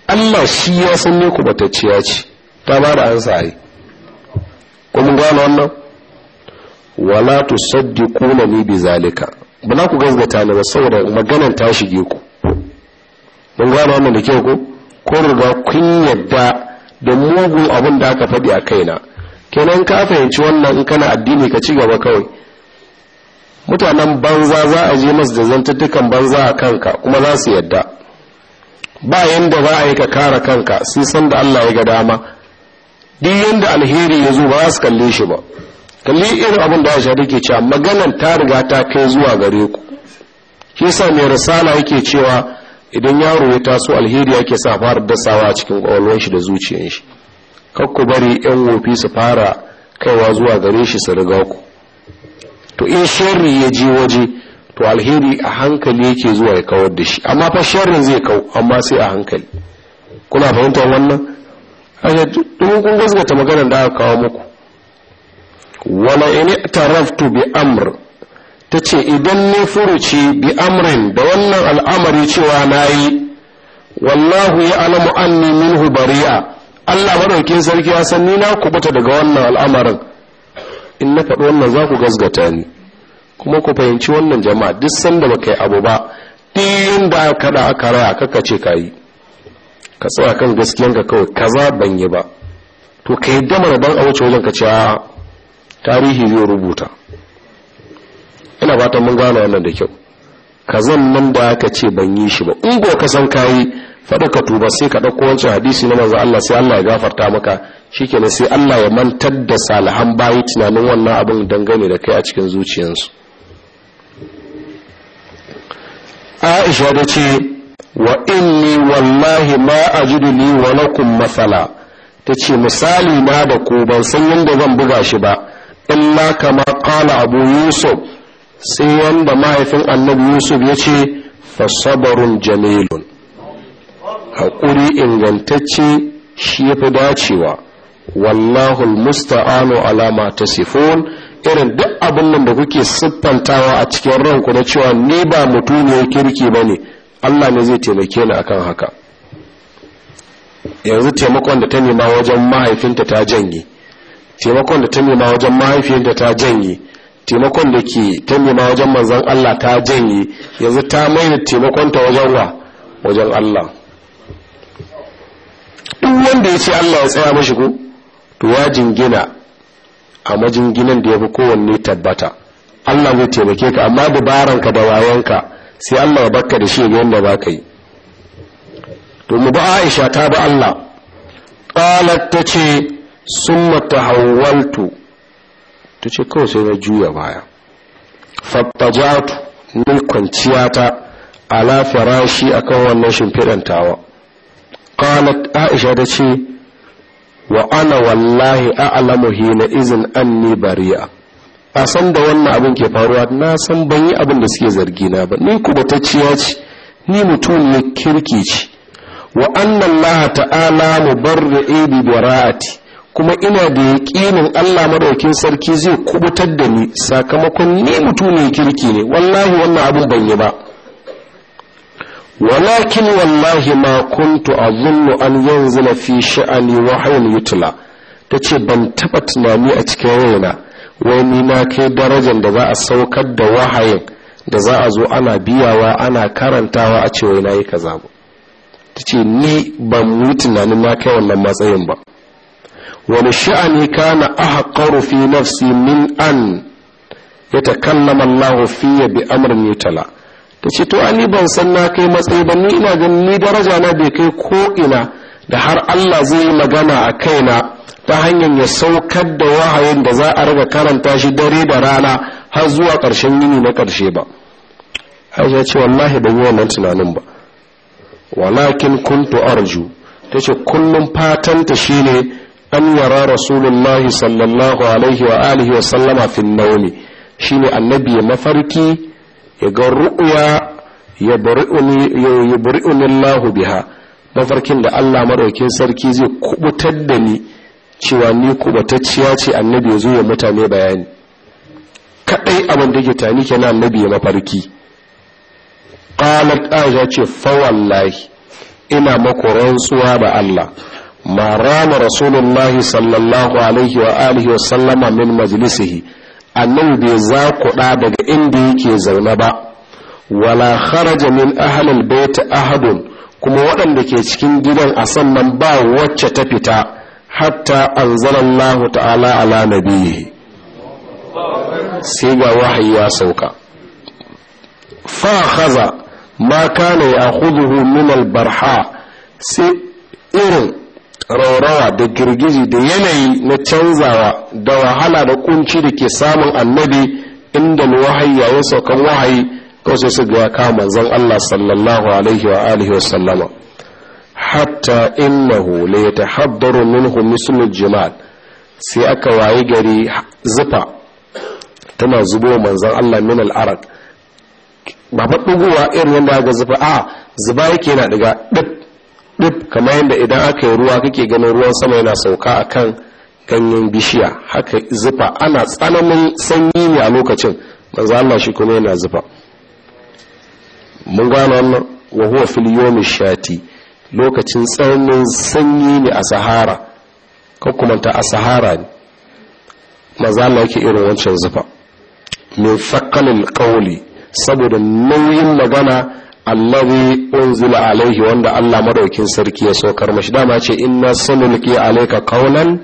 Allah shi ya san ni ku batacciya ce ta ba da an sa'ai kuma gano wannan wala tusaddiquna ni bi zalika ba na ku gazgata ni ba saboda maganan ta shige ku mun gano wannan da kyau ko ko riga kun yadda da mugun abin da aka faɗi a kaina kenan ka fahimci wannan in kana addini ka ci gaba kawai mutanen banza za a je masu da zantattukan banza a kanka kuma za su yadda ba yadda za a yi ka kara kanka sun san da Allah ya ga dama duk yadda alheri ya zo ba za su kalle shi ba kalli irin abin da Aisha take cewa maganan ta riga ta kai zuwa gare ku shi sa mai risala yake cewa idan yaro ya taso alheri ake sa fara dasawa a cikin kwakwalwar shi da zuciyar shi kakku bari yan wofi su fara kaiwa zuwa gare shi su riga ku to in sharri ya je waje to alheri a hankali yake zuwa ya kawar da shi amma fa sharrin zai kawo, amma sai a hankali kuna fahimtar wannan haka domin kun gaskata maganar da aka kawo muku wala in taraftu bi amr tace idan ni furuci bi amrin da wannan al'amari cewa nayi wallahu ya alamu anni minhu bari'a Allah madaukin sarki ya san ni na kubuta daga wannan al'amarin in na faɗi wannan za ku gasgata ni kuma ku fahimci wannan jama'a duk sanda ba kai abu ba ɗin da aka da aka raya kaka ce ka yi ka tsaya kan ka kawai kaza ban yi ba to ka yadda mana ban a wuce wajen ka ce tarihi zai rubuta ina ta mun gano wannan da kyau ka zan nan da aka ce ban yi shi ba in ka san kayi faɗa ka tuba sai ka ɗauko wancan hadisi na maza Allah sai Allah ya gafarta maka shi kenan sai Allah ya mantar da salihan bayi tunanin wannan abin dangane da kai a cikin zuciyarsu Aisha da ce wa inni wallahi ma ajidu li wa lakum masala ce misali na da ku ban san yadda zan buga shi ba illa kama kala Abu Yusuf sai wanda mahaifin Annabi Yusuf ya ce fasabarun jamilun haƙuri ingantacce shi ya fi dacewa wallahul musta'anu alama ta sifon irin duk abin nan da kuke siffantawa a cikin ranku na cewa ni ba ya kirki ba ne allah ne zai taimake ni akan haka yanzu taimakon da ta nema wajen mahaifinta ta janye taimakon da ta nema wajen mahaifinta ta janye taimakon da ke ta nema wajen manzan allah ta janye yanzu ta mai da taimakonta wajen wa wajen allah duk wanda ya ce Allah ya tsaya mashi ko to ya jingina a majinginan da ya fi kowanne tabbata Allah zai taimake ka amma ka da wayanka sai Allah ya baka da shi ga yanda ba ka yi to mu ba Aisha ta ba Allah qalat ta ce summa tahawwaltu ta ce kawai sai na juya baya fattajatu ni kwanciyata ala farashi akan wannan shimfidan tawa qalat aisha da ce wa ana wallahi a'lamu hina izin anni bari'a a san da wannan abin ke faruwa na san ban yi abin da suke zargi na ba ni kubatacciya ce ni mutum ne kirki ci. wa anna Allah ta'ala mubarri'i bi bara'ati kuma ina da yaƙinin Allah madaukin sarki zai kubutar da ni sakamakon ni mutum ne kirki ne wallahi wannan abin ban yi ba walakin wallahi ma kuntu azunnu an yanzila fi sha'ani wahayin yutla tace ban taɓa tunani a cikin raina wai ni na kai darajan da za a saukar da wahayin da za a zo ana biyawa ana karantawa a cewa na yi kaza ba tace ni ban yi tunanin na kai wannan matsayin ba wani sha'ani kana ahqaru fi nafsi min an yatakallama Allah fiye bi amrin yutla ta ce to ani ban san na kai matsayi ba ni ina ganin ni daraja na bai kai ko ina da har Allah zai yi magana a kaina ta hanyar ya saukar da wahayin da za a riga karanta shi dare da rana har zuwa ƙarshen yini na ƙarshe ba Aisha ce wallahi ban yi wannan tunanin ba walakin kuntu arju ce kullum fatanta shine an yara rasulullahi sallallahu alaihi wa alihi wa sallama fil nawmi shine annabi mafarki ya ga ya bari'uni Allahu biha mafarkin da Allah maɗaukin sarki zai kubutar da ni cewa ni kubatacciya ce annabi ya zo ya mutane bayani kaɗai abin da ke tani kenan annabi ya mafarki qalat aisha ce fa wallahi ina makoran suwa da Allah ma rama rasulullahi sallallahu alaihi wa alihi wa sallama min majlisihi annan bai za kuɗa daga inda yake zaune ba wala kharaja min ahlil bait ahadun kuma waɗanda ke cikin gidan a sannan ba wacce ta fita hatta anzalallahu ta'ala ala nabiyyi sai ga wahayi ya sauka fa khaza ma kana ya'khudhu min al-barha sai irin raurawa da girgiji da yanayi na canzawa da wahala da kunci da ke samun annabi inda wahayi yayin saukan wahayi kawai sai su ga kama zan Allah sallallahu alaihi wa alihi wa sallama hatta innahu la yatahaddaru minhu mislu jimal sai aka wayi gari zufa tana zubo manzon Allah min al-araq ba fa duguwa irin yanda ga zufa a zuba yake na daga duk duk kamar yadda idan aka yi ruwa kake ganin ruwan sama yana sauka akan ganyen bishiya haka zufa ana tsananin sanyi ne a lokacin manzo Allah shi kuma yana zufa mun gano wannan wa huwa fil shati lokacin tsananin sanyi ne a sahara ko kuma a sahara ne manzo Allah yake irin wancan zufa min faqalil qawli saboda nauyin magana allazi unzila alaihi wanda Allah madaukin sarki ya saukar mashi dama ce inna sanulqi alayka qawlan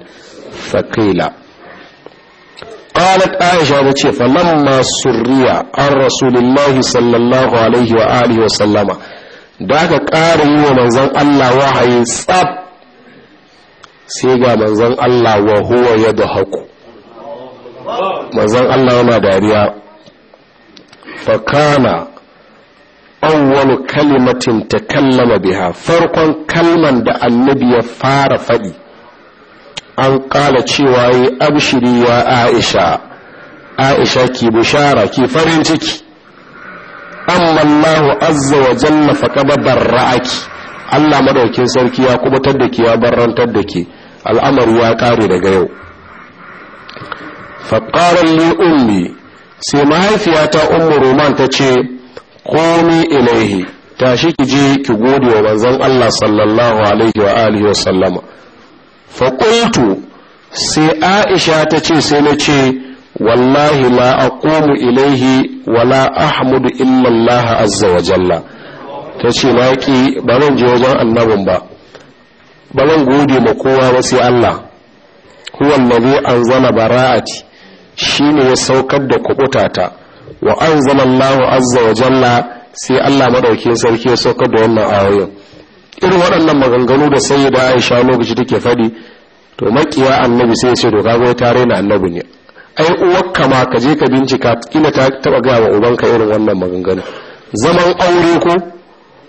thaqila qalat aisha ta ce fa lamma surriya an rasulullahi sallallahu alaihi wa alihi wa sallama da aka ƙara yi wa manzon Allah wahayi tsab sai ga manzon Allah wa huwa yadhaku manzon Allah yana dariya fakana awwalu kalimatin kallama biha farkon kalman da annabi ya fara faɗi an ƙara cewa yi abshiri ya aisha aisha ki bishara ki farin ciki amma Allah azza wa jalla faqad barraki Allah madaukin sarki ya kubutar da ki ya barrantar da ki al'amari ya kare daga yau faqara li ummi sai mahaifiyata ummu roman ta ce komi ilaihi tashi ki je ki gode wa manzon Allah sallallahu alaihi wa alihi wa sallama fa qultu sai Aisha ta ce sai na ce wallahi la aqumu ilaihi wa la ahmudu illa Allah azza wa jalla Ta tace na ki ba zan je wajen annabin ba ba gode ma kowa ba sai Allah huwa allazi anzala bara'ati ne ya saukar da kubutata wa anzalallahu azza wa jalla sai Allah madaukin sarki ya sauka da wannan ayoyin irin waɗannan maganganu da sai da Aisha lokaci take faɗi, to makiya annabi sai ce doka kaga ta raina annabi ne ai uwarka ma ka je ka bincika kina ta taba ga wa ubanka irin wannan maganganu zaman aure ko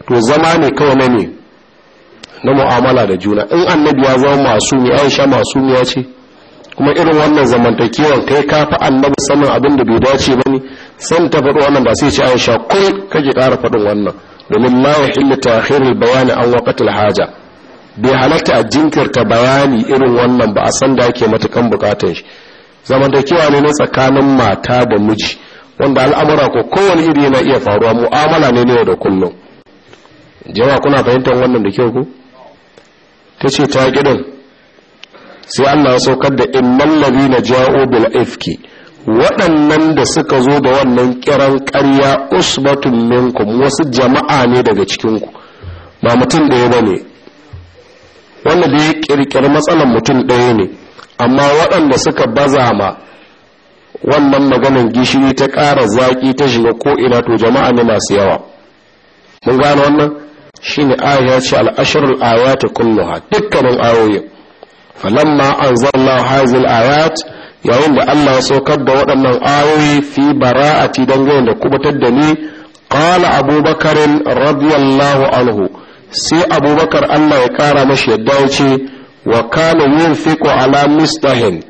to zama ne kawai na ne na mu'amala da juna in annabi ya zama masu ne Aisha masu ne ya ce kuma irin wannan zamantakewa kai ka fi annabi sanin abin da bai dace ba ne san ta faɗi wannan ba sai ce aisha kul kake ƙara faɗin wannan domin ma ya hilli tahirul bayani an waqatul haja bai halatta a jinkirta bayani irin wannan ba a san da ake matukan bukatun shi zamantakewa ne na tsakanin mata da miji wanda al'amura ko kowane iri yana iya faruwa mu'amala ne ne da kullum jama'a kuna fahimtar wannan da kyau ku ta ce ta gidan sai Allah ya saukar da innal na ja'u bil ifki waɗannan da suka zo da wannan kiran ƙarya usbatun minkum wasu jama'a ne daga cikin ku ba mutum ɗaya ba ne wanda da ya ƙirƙiri matsalan mutum ɗaya ne amma waɗanda suka baza ma wannan maganar gishiri ta ƙara zaƙi ta shiga ko'ina to jama'a ne masu yawa mun gane wannan shine aya ce al'asharul ayati kulluha dukkanin ayoyin falamma anzalna hazil ayat yayin da Allah ya saukar da waɗannan ayoyi fi bara'ati dangane da kubutar da ni qala abubakarin radiyallahu anhu sai abubakar Allah ya kara mashi yadda ya ce wa kana yunfiqu ala mistahin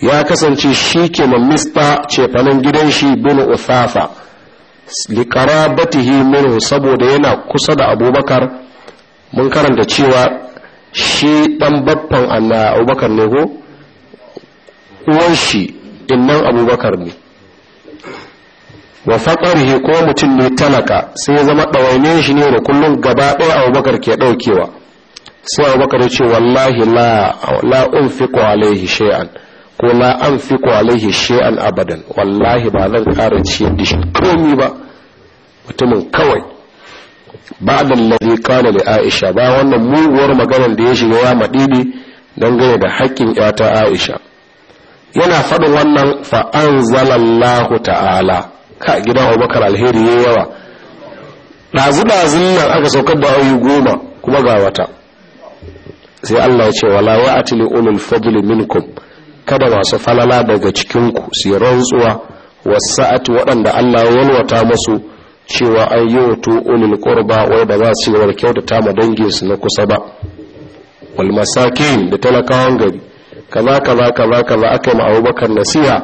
ya kasance shi ke ma mista cefanen gidan shi bin uthafa batihi minhu saboda yana kusa da abubakar mun karanta cewa shi ɗan baffan Allah Abubakar ne ko uwan shi innan Abubakar ne wa faqarihi ko mutum ne talaka sai ya zama dawaine shi ne da kullum gaba ɗaya Abubakar ke ɗaukewa. sai Abubakar ya ce wallahi la la unfiqu alaihi shay'an ko la anfiqu alaihi shay'an abadan wallahi ba zan ƙara ciyar da shi komi ba mutumin kawai ba'd allazi qala li aisha ba wannan muguwar maganar da ya shiga ya madidi gaya da haƙƙin yata aisha yana faɗin wannan fa anzalallahu ta'ala ka gidan abubakar alheri yayi yawa ɗazu-ɗazun nan aka saukar da ayoyi goma kuma ga wata sai Allah ya ce wala wa'ati li ulul fadli minkum kada masu falala daga cikinku su rantsuwa wasa'ati waɗanda Allah ya walwata masu. cewa an yi wato ulil qurba wai ba za su yi warkau da ta dangin su na kusa ba wal masakin da talakawan gari kaza kaza kaza kaza aka yi abubakar nasiha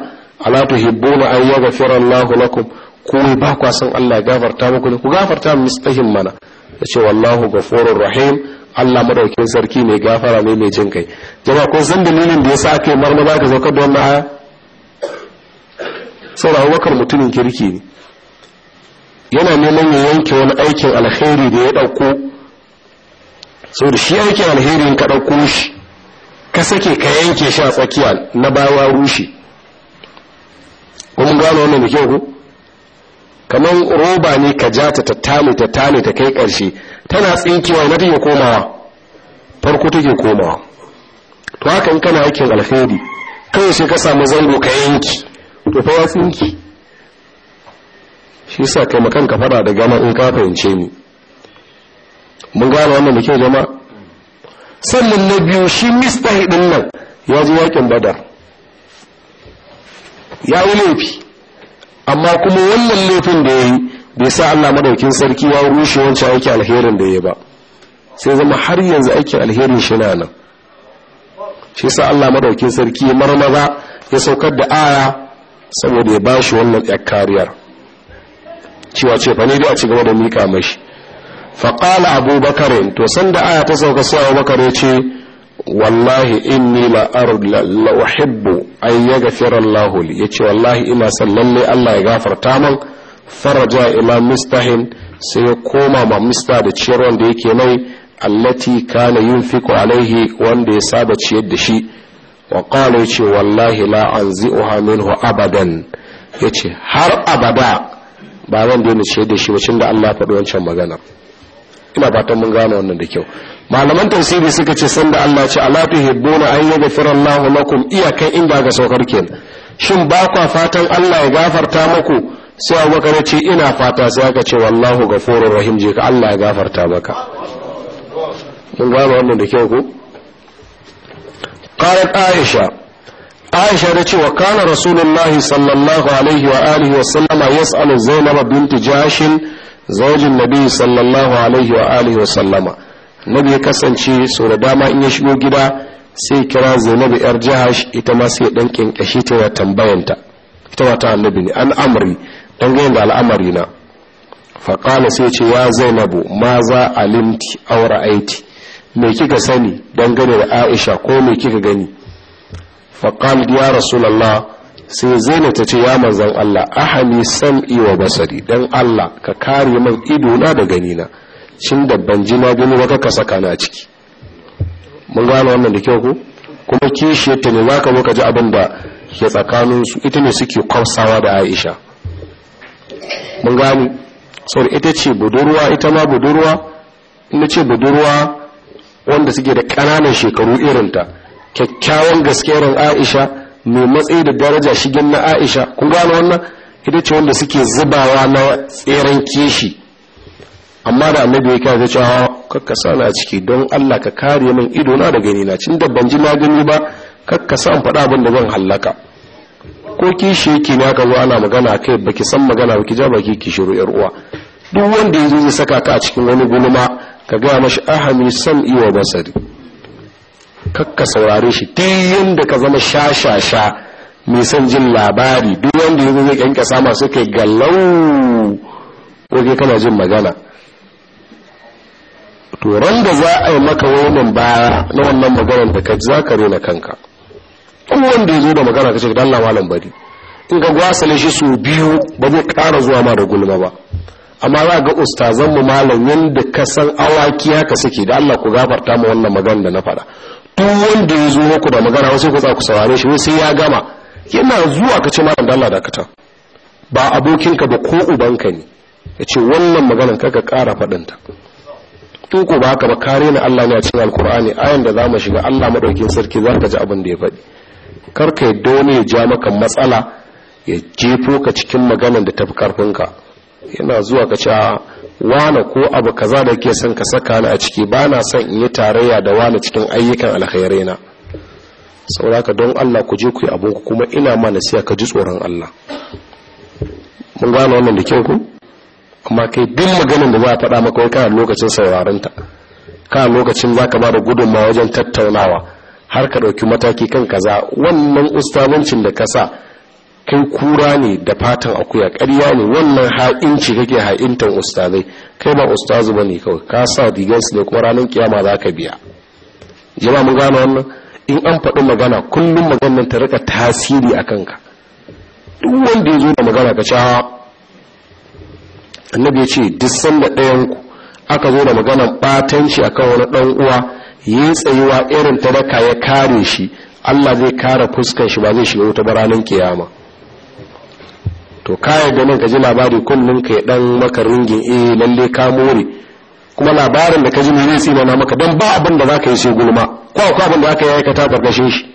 ala tuhibbuna an yaghfira Allahu lakum ku ba kwa san Allah ya gafarta muku ku gafarta mu mistahin mana yace wallahu ghafurur rahim Allah madaukin sarki mai gafara ne mai jin kai jama'a kun san dalilin da yasa aka yi marmara ka zaukar da wannan aya saboda abubakar mutumin kirki ne yana neman ya yanke wani aikin alheri da ya ɗauko da shi aikin alheri ka ɗauko shi ka sake ka yanke shi a tsakiya na bawa rushe kuma gano wannan da kyau ku kamar roba ne ka ja ta tattame ta ta kai ƙarshe tana tsinkewa na take komawa farko take komawa to haka in kana aikin alheri kawai sai ka samu zango ka yanki to fa ya tsinki shi sa kai makan ka fada da gama in ka fahimce ni mun gane wannan da kyau jama'a sannan na biyu shi mista hidin nan ya ji yakin badar ya yi laifi amma kuma wannan laifin da ya yi bai sa Allah madaukin sarki ya rushe wancan aiki alherin da ya ba sai zama har yanzu aikin alherin shi na nan shi sa Allah madaukin sarki ya marmaza ya saukar da aya saboda ya ba shi wannan yar kariyar cewa ce fa ne dai a ci gaba da mika shi faƙala abubakar to sanda aya ta sauka sai abubakar ya ce wallahi inni la la uhibbu an yaghfira Allah li yace wallahi ina sallalle Allah ya gafarta min faraja ila mustahin sai ya koma ma mista da ciyar da yake mai allati kana yunfiku alaihi wanda ya saba ciyar da shi wa qala yace wallahi la anzi'uha minhu abadan yace har abada ba zan daina ce da shi wacin da Allah faɗi wancan magana ina fatan mun gane wannan da kyau malaman tafsiri suka ce sanda Allah ce ala tuhibbuna an yaghfira Allahu lakum iyakan inda ga saukar kenan shin ba kwa fatan Allah ya gafarta muku sai Abubakar ya ce ina fata sai aka ce wallahu ghafurur rahim je ka Allah ya gafarta maka mun gane wannan da kyau ko qalat Aisha aisha da cewa kana rasulullahi sallallahu alaihi wa alihi wa sallama yas'alu zainaba binti jashin zaujin nabi sallallahu alaihi wa alihi wa sallama nabi ya kasance sau da dama in ya shigo gida sai kira zainab yar jahash ita ma sai dan kinkashe ta ya tambayanta ita wata annabi ne an amri da al'amari na faƙala sai ce ya zainabu ma za alimti aura aiti me kika sani dangane da aisha ko me kika gani faƙal ya rasulallah sai zaina ta ce ya manzan Allah ahami sam'i wa basari dan Allah ka kare man idona da ganina cin da ban ji na gani ba ka saka na ciki mun gano wannan da kyau ko kuma kishiyarta ta ne zaka zo ka ji abin da ke tsakanin su ita ne suke kwasawa da Aisha mun gano saboda ita ce budurwa ita ma budurwa ina ce budurwa wanda suke da ƙananan shekaru irinta kyakkyawan gaskiyar aisha mai matsayi da daraja shigen na aisha kun gano wannan ita ce wanda suke zubawa na tseren kishi amma da annabi ya zai cewa kakka sa na ciki don Allah ka kare min ido na da gani na cin da ban ji na gani ba kakka sa faɗa abin da zan hallaka ko kishi yake ne aka zo ana magana kai baki san magana baki ja baki kishiro yar uwa duk wanda yazo zai saka ka a cikin wani gulma ka gaya mashi ahami sam iwa basari kakka saurare shi duk yadda ka zama sha shashasha mai son jin labari duk wanda yanzu zai kyankyasa masu kai gallau waje kana jin magana to da za a yi maka wannan baya na wannan maganar da ka za ka rena kanka kuma wanda ya zo da magana ka ce dan malam bari in ka gwasale shi su biyu ba zai ƙara zuwa ma da gulma ba amma za ga ustazan mu malam yadda ka san awaki haka suke da Allah ku gafarta mu wannan maganar da na faɗa duk wanda ya zo muku da magana wasu ku tsaku ku saurare shi sai ya gama yana zuwa ka ce malam da dakata ba abokinka ba ko ubanka ne ya ce wannan maganar kaka kara faɗinta ta ba haka ba kare ni Allah ne a cikin alkur'ani ayan da za mu shiga Allah madaukin sarki za ka ji abin da ya faɗi kar ka yadda wani ya ja maka matsala ya jefo ka cikin maganar da tafi karfinka yana zuwa ka ce wane ko abu kaza da ke son ka saka ni a ciki ba na son in yi tarayya da wane cikin ayyukan alkhairai na sauraka don Allah ku je ku yi abin ku kuma ina ma nasiya ka ji tsoron Allah mun gane wannan da kyau ku amma kai duk maganin da za a faɗa maka wai kana lokacin sauraron ta kana lokacin ka ba da gudunmawa wajen tattaunawa har ka ɗauki mataki kan kaza wannan ustanancin da ka sa kai kura ne da fatan akuya ƙarya ne wannan ha'inci kake ha'intan ustazai kai ba ustazu bane kawai ka sa su ne kuma ranar kiyama za ka biya jama mun gano wannan in an faɗi magana kullum maganar ta rika tasiri a kanka duk wanda ya zo da magana ka cewa annabi ya ce duk sanda ɗayan ku aka zo da maganar ɓatanci akan wani ɗan uwa ya yi tsayuwa irin ta daka ya kare shi Allah zai kare fuskan shi ba zai shiga wuta ba ranar kiyama to ka kaya nan ka ji labari kullum ka dan maka ringin eh lalle ka more kuma labarin da ka ji ne sai na maka dan ba abin da zaka yi sai gulma ko akwai abin da zaka yi aikata gargashin shi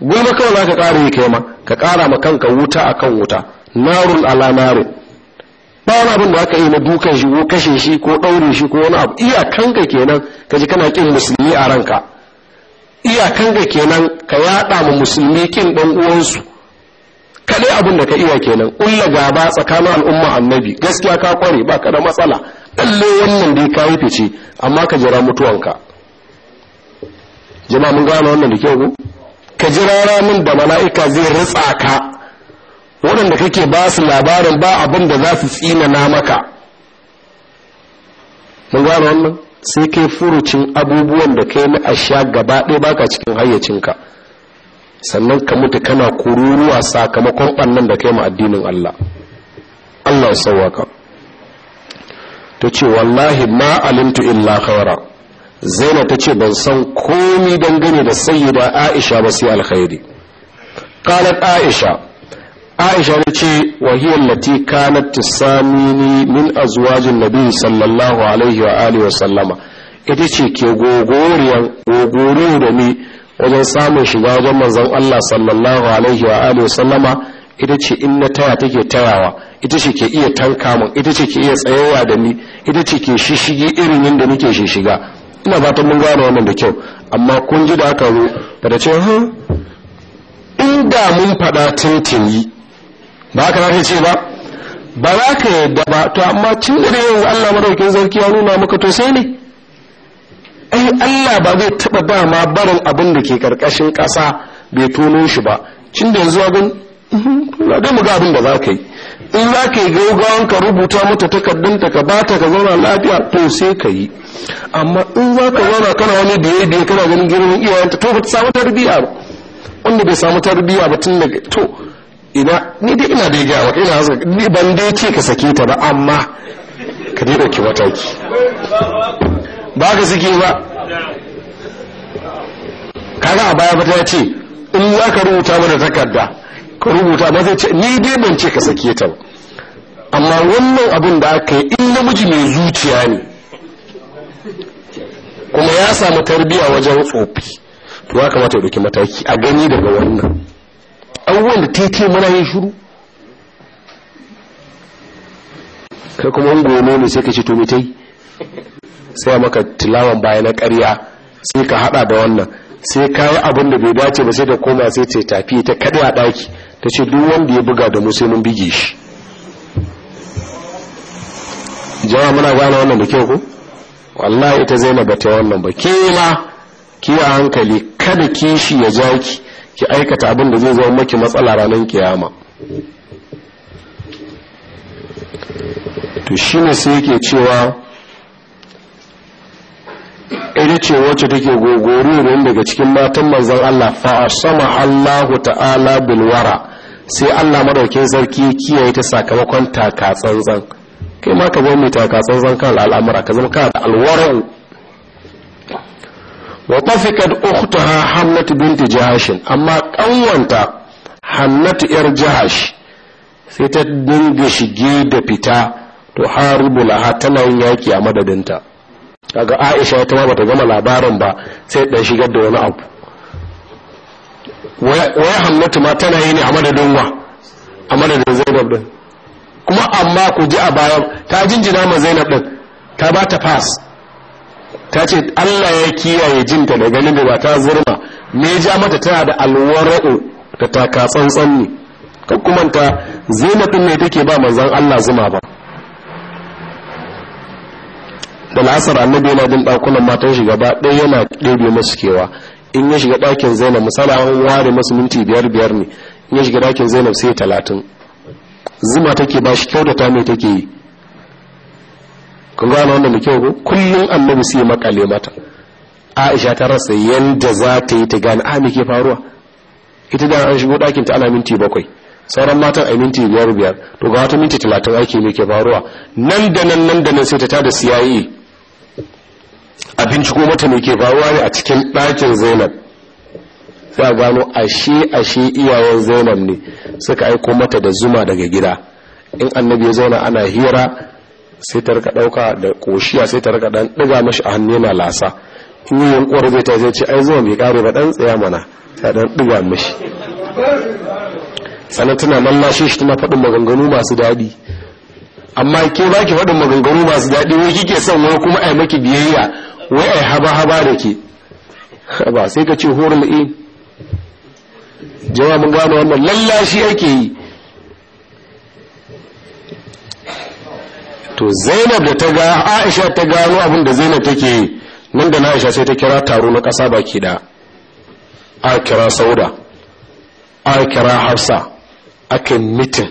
gulma kawai zaka ƙara yi kai ma ka ƙara ma kanka wuta akan wuta narun ala narun ba wani abin da zaka yi na dukan shi ko kashe shi ko ɗaure shi ko wani abu iya kanka kenan ka ji kana kin musulmi a ranka iyakan kanka kenan ka yaɗa ma musulmi kin ɗan uwansu kaɗai abin da ka iya kenan kulla gaba tsakanin al'umma annabi gaskiya ka kware ba ka da matsala lalle wannan dai ka yi fice amma ka jira mutuwanka jama'a mun gane wannan da kyau ka jira ramin da mala'ika zai ritsa ka waɗanda kake ba su labarin ba abin da za su tsinana maka mun gane wannan sai kai furucin abubuwan da kai na asha gaba ɗaya baka cikin hayyacinka sannan ka mutu kana kururuwa sakamakon ɓannan da kai ma addinin Allah Allah sauwaka ta ce wallahi ma alintu illa khaira zaina ta ce ban san komi dangane da sayyida aisha ba sai alkhairi qalat aisha aisha na ce wa hiya allati kanat tusamini min azwajin nabi sallallahu alaihi wa alihi wa sallama ita ce ke gogoriyan gogoro da ni wajen samun shiga wajen manzon Allah sallallahu alaihi wa alihi wa sallama ita ce in na taya take tayawa ita ce ke iya tanka mun ita ce ke iya tsayawa da ni ita ce ke shishige irin yadda nake shishiga ina fatan mun gane wannan da kyau amma kun ji da aka zo da ce ha inda mun faɗa tintini ba ka za ce ba ba za ka yadda ba to amma cin da yau Allah madaukin sarki ya nuna maka to sai ne ai Allah ba zai taɓa ba ma barin abin da ke karkashin ƙasa bai tono shi ba cin da yanzu abin mhm, dai mu ga abin da za ka yi in za ka yi gaugawan ka rubuta mata ta ka bata ka zauna lafiya to sai ka yi amma in za ka zauna kana wani biye biye kana ganin girman iyayenta to ba ta samu tarbiyya ba wanda bai samu tarbiyya ba tun daga to ina ni dai ina da gaya ina hasa ban dai ce ka sake ta ba amma ka dai dauki mataki ba ka suke ba kaga a baya ya ce in za ka rubuta mana takarda ka rubuta ba zai ce ni dai ban ce ka sake ta amma wannan abin da aka yi in namiji mai zuciya ne kuma ya samu tarbiya wajen tsofi to ya kamata ya ɗauki mataki a gani daga wannan abubuwan da tete mana yin shuru kai kuma an gome ne sai ka ce to mai ta sai maka tilawan baya na ƙarya sai ka hada da wannan sai ka yi abin da bai dace ba sai da koma sai ta tafi ta kaɗe a ɗaki ta ce duk wanda ya buga da mu sai mun bige shi jama'a muna gane wannan da kyau ko wallahi ita zaina ba ta wannan ba ke ma ki a hankali kada kishi ya ja ki ki aikata abin da zai zama maki matsala ranar kiyama to shine sai yake cewa ita ce wacce take gogori don daga cikin matan manzon Allah fa sama Allahu ta'ala wara sai Allah madaukin sarki ya kiyaye ta sakamakon taka tsantsan kai ma ka zama mai taka tsantsan kan al'amura ka zama kana da wa tafikat ukhtaha hamlat binti Jahash amma kanwanta Hamnat yar Jahash sai ta dinga shige da fita to haribu laha tana yin yaki a madadinta kaga aisha ta ma bata gama labarin ba sai dan shigar da wani abu waya hannatu ma tana yi ne a madadin wa a madadin zainab din kuma amma ku ji a bayan ta jinjina ma zainab din ta ba ta fas ta ce allah ya kiyaye jinta da ganin da ba ta zurma me ja mata tana da alwara'u da taka tsantsan ne kumanta zainab din ne take ba manzon allah zuma ba da la'asar annabi yana bin ɗakunan matan shi gaba ɗaya yana ɗebe masu kewa in ya shiga ɗakin zainab misali an ware masu minti biyar biyar ne in ya shiga ɗakin zainab sai talatin zuma take ba shi kyautata mai take yi kun gane wannan da kyau kullum annabi sai makale mata aisha ta rasa yanda za ta yi ta gane a ah, me ke faruwa ita da an shigo ɗakin ta ana minti bakwai sauran matan a minti biyar biyar to ga wata minti talatin aiki ne ke faruwa nan da nan nan da nan sai ta tada siyayi a binciko mata mai ke faruwa ne a cikin ɗakin zainab za gano ashe ashe iyayen zainab ne suka aiko mata da zuma daga gida in annabi ya zauna ana hira sai ta rika ɗauka da koshiya sai ta rika ɗan ɗiga mashi a hannu yana lasa in yi yankuwar zai ta zai ce ai zuma bai ƙare ba ɗan tsaya mana ta ɗan ɗiga mashi sannan tana mallashe shi tana faɗin maganganu masu daɗi amma ke ba ki faɗin maganganu masu daɗi wai kike son wani kuma ai maki biyayya wai ai haba haba da ke *laughs* ba sai ka ce horin in jama'a mun wannan lallashi ake yi to zainab da ta ga aisha ta gano abin da zainab take yi nan da na aisha sai ta kira taro na ƙasa baki da a kira sauda a kira hafsa aka mitin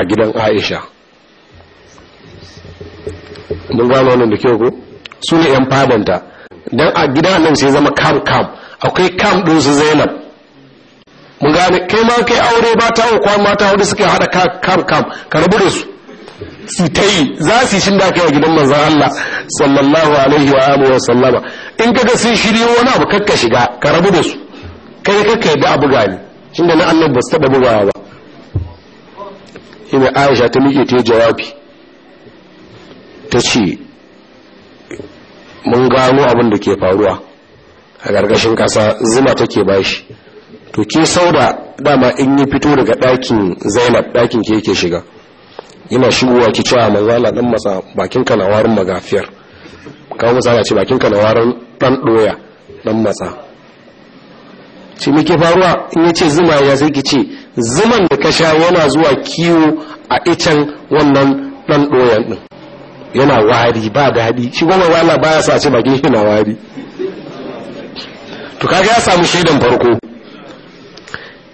a gidan aisha mun gano wannan da kyau ko su ne yan fadanta don a gida nan sai zama kam kam akwai kam din su zainab mun gane kai ma kai aure ba ta uku mata hudu suka hada kam kam ka rabu da su su ta yi za su yi shin da kai yi gidan manzon Allah sallallahu alaihi wa alihi wa sallama in kaga sun shiryo wani abu kakka shiga ka rabu da su kai kakka yadda abu gani shin da na Allah ba su taɓa bugawa ba ina Aisha ta miƙe ta jawabi ta ce mun gano abin da ke faruwa a gargashin kasa zuma take bashi to ke sauda dama in yi fito daga ɗakin zainab ɗakin ke yake shiga yana shigowa ki cewa manzala ɗan masa bakin kanawarin magafiyar kawo misala ce bakin kanawarin ɗan ɗoya ɗan matsa ce muke faruwa in ya ce zuma ya sai ki ce zuman da ka sha yana zuwa kiwo a itan wannan ɗan ɗoyan ɗin yana wari ba daɗi shi goma wala baya sa ce bakin shi na wari to kaga ya samu shaidan farko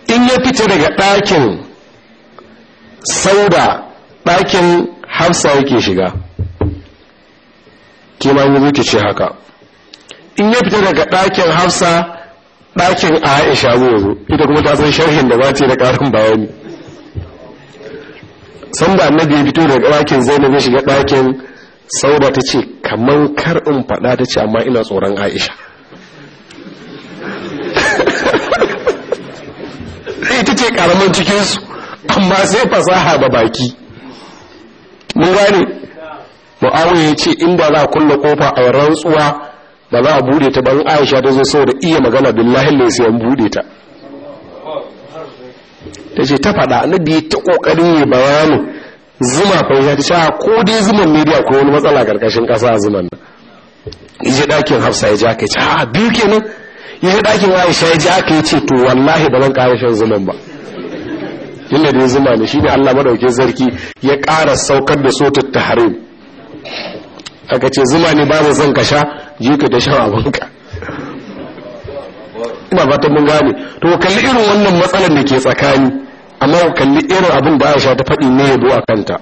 in ya fita daga ɗakin sauda ɗakin hafsa yake shiga kima yi zuke ce haka in ya fita daga ɗakin hafsa ɗakin a aisha zo ita kuma ta san sharhin da ba yi da ƙarin bayani san da annabi ya fito daga ɗakin zainab ya shiga ɗakin sauda ta ce kamar kar in faɗa ta ce amma ina tsoron aisha Sai *laughs* ita ce ƙaramin cikinsu amma sai fasaha ba baki mun gane mu'awiyar ya ce inda za a kulle kofa a rantsuwa ba za a bude ta ban aisha ta zo saboda iya magana billahi ne sai an bude ta ta ce ta faɗa annabi ya ta ƙoƙarin ya bayanin zuma fa ya ta ko dai zuman ne dai wani matsala karkashin ƙasa zuman nan ya je ɗakin hafsa ya ji aka ce ha biyu kenan ya je ɗakin aisha ya ji aka ce to wallahi ba zan ƙara shan zuman ba inda dai zuma ne shine Allah madaukin sarki ya ƙara saukar da sotar ta tahrim aka ce zuma ne babu zan ka sha je ka da shan abinka ina fatan mun gane to kalli irin wannan matsalar da ke tsakani amma ku kalli irin abin da aisha ta faɗi ne yabo a kanta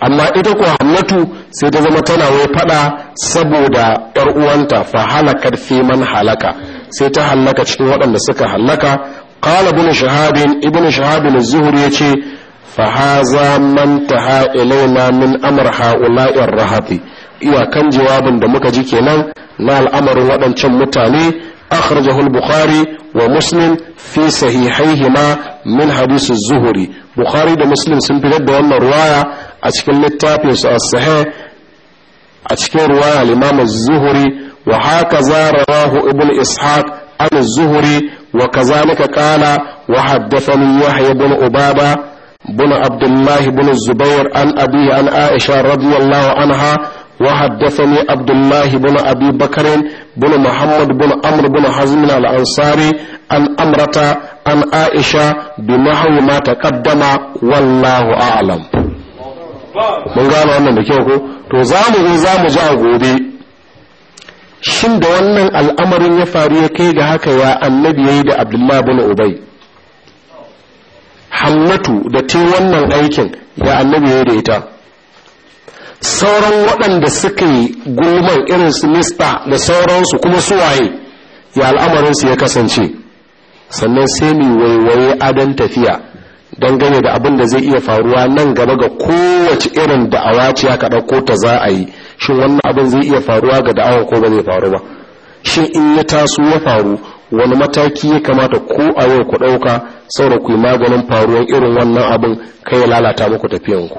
amma ita ko hannatu sai ta zama tana wai faɗa saboda yar uwanta fa halakar fi man halaka sai ta halaka cikin waɗanda suka halaka qala ibn shahab ibn shahab az-zuhri yace fa haza man taha ilaina min amr ha'ula'ir rahati iya iyakan jawabin da muka ji kenan na al'amarin waɗancan mutane أخرجه البخاري ومسلم في صحيحيهما من حديث الزهري بخاري ده مسلم سنبدأ ده وانا رواية أتكلم التابي الصحيح أتكلم رواية الإمام الزهري وهكذا رواه ابن إسحاق عن الزهري وكذلك قال وحدثني يحيى بن عبادة بن عبد الله بن الزبير عن أبيه عن عائشة رضي الله عنها وحدثني عبد الله بن أبي بكر بن محمد بن عمرو بن حزم الأنصاري عن أمرة عن عائشة بنحو ما تقدم والله أعلم mun gano wannan da kyau ko to za mu zo za mu ji a gobe shin da wannan al'amarin ya faru ya kai ga haka ya annabi yayi da abdullahi bin ubay hammatu da ta wannan aikin ya annabi yayi da ita sauran waɗanda suka yi gulman irin su mista da sauransu kuma su waye ya al'amarinsu ya kasance sannan sai mu waiwaye adon tafiya dangane da abin da zai iya faruwa nan gaba ga kowace irin da da'awa ce aka ko ta za a yi shin wannan abin zai iya faruwa ga da'awa ko ba zai faru ba shin in ya taso ya faru wani mataki ya kamata ko a yau ku ɗauka saura ku yi maganin faruwan irin wannan abin kai ya lalata muku tafiyanku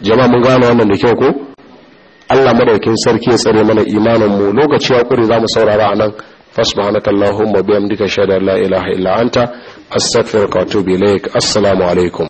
jama'a mun gano wannan da kyau ko Allah madaukin sarki ya tsare mana imanin mu lokaci ya kure zamu saurara anan fasbahanaka allahumma bihamdika shada la ilaha illa anta astaghfiruka wa atubu ilaik assalamu alaikum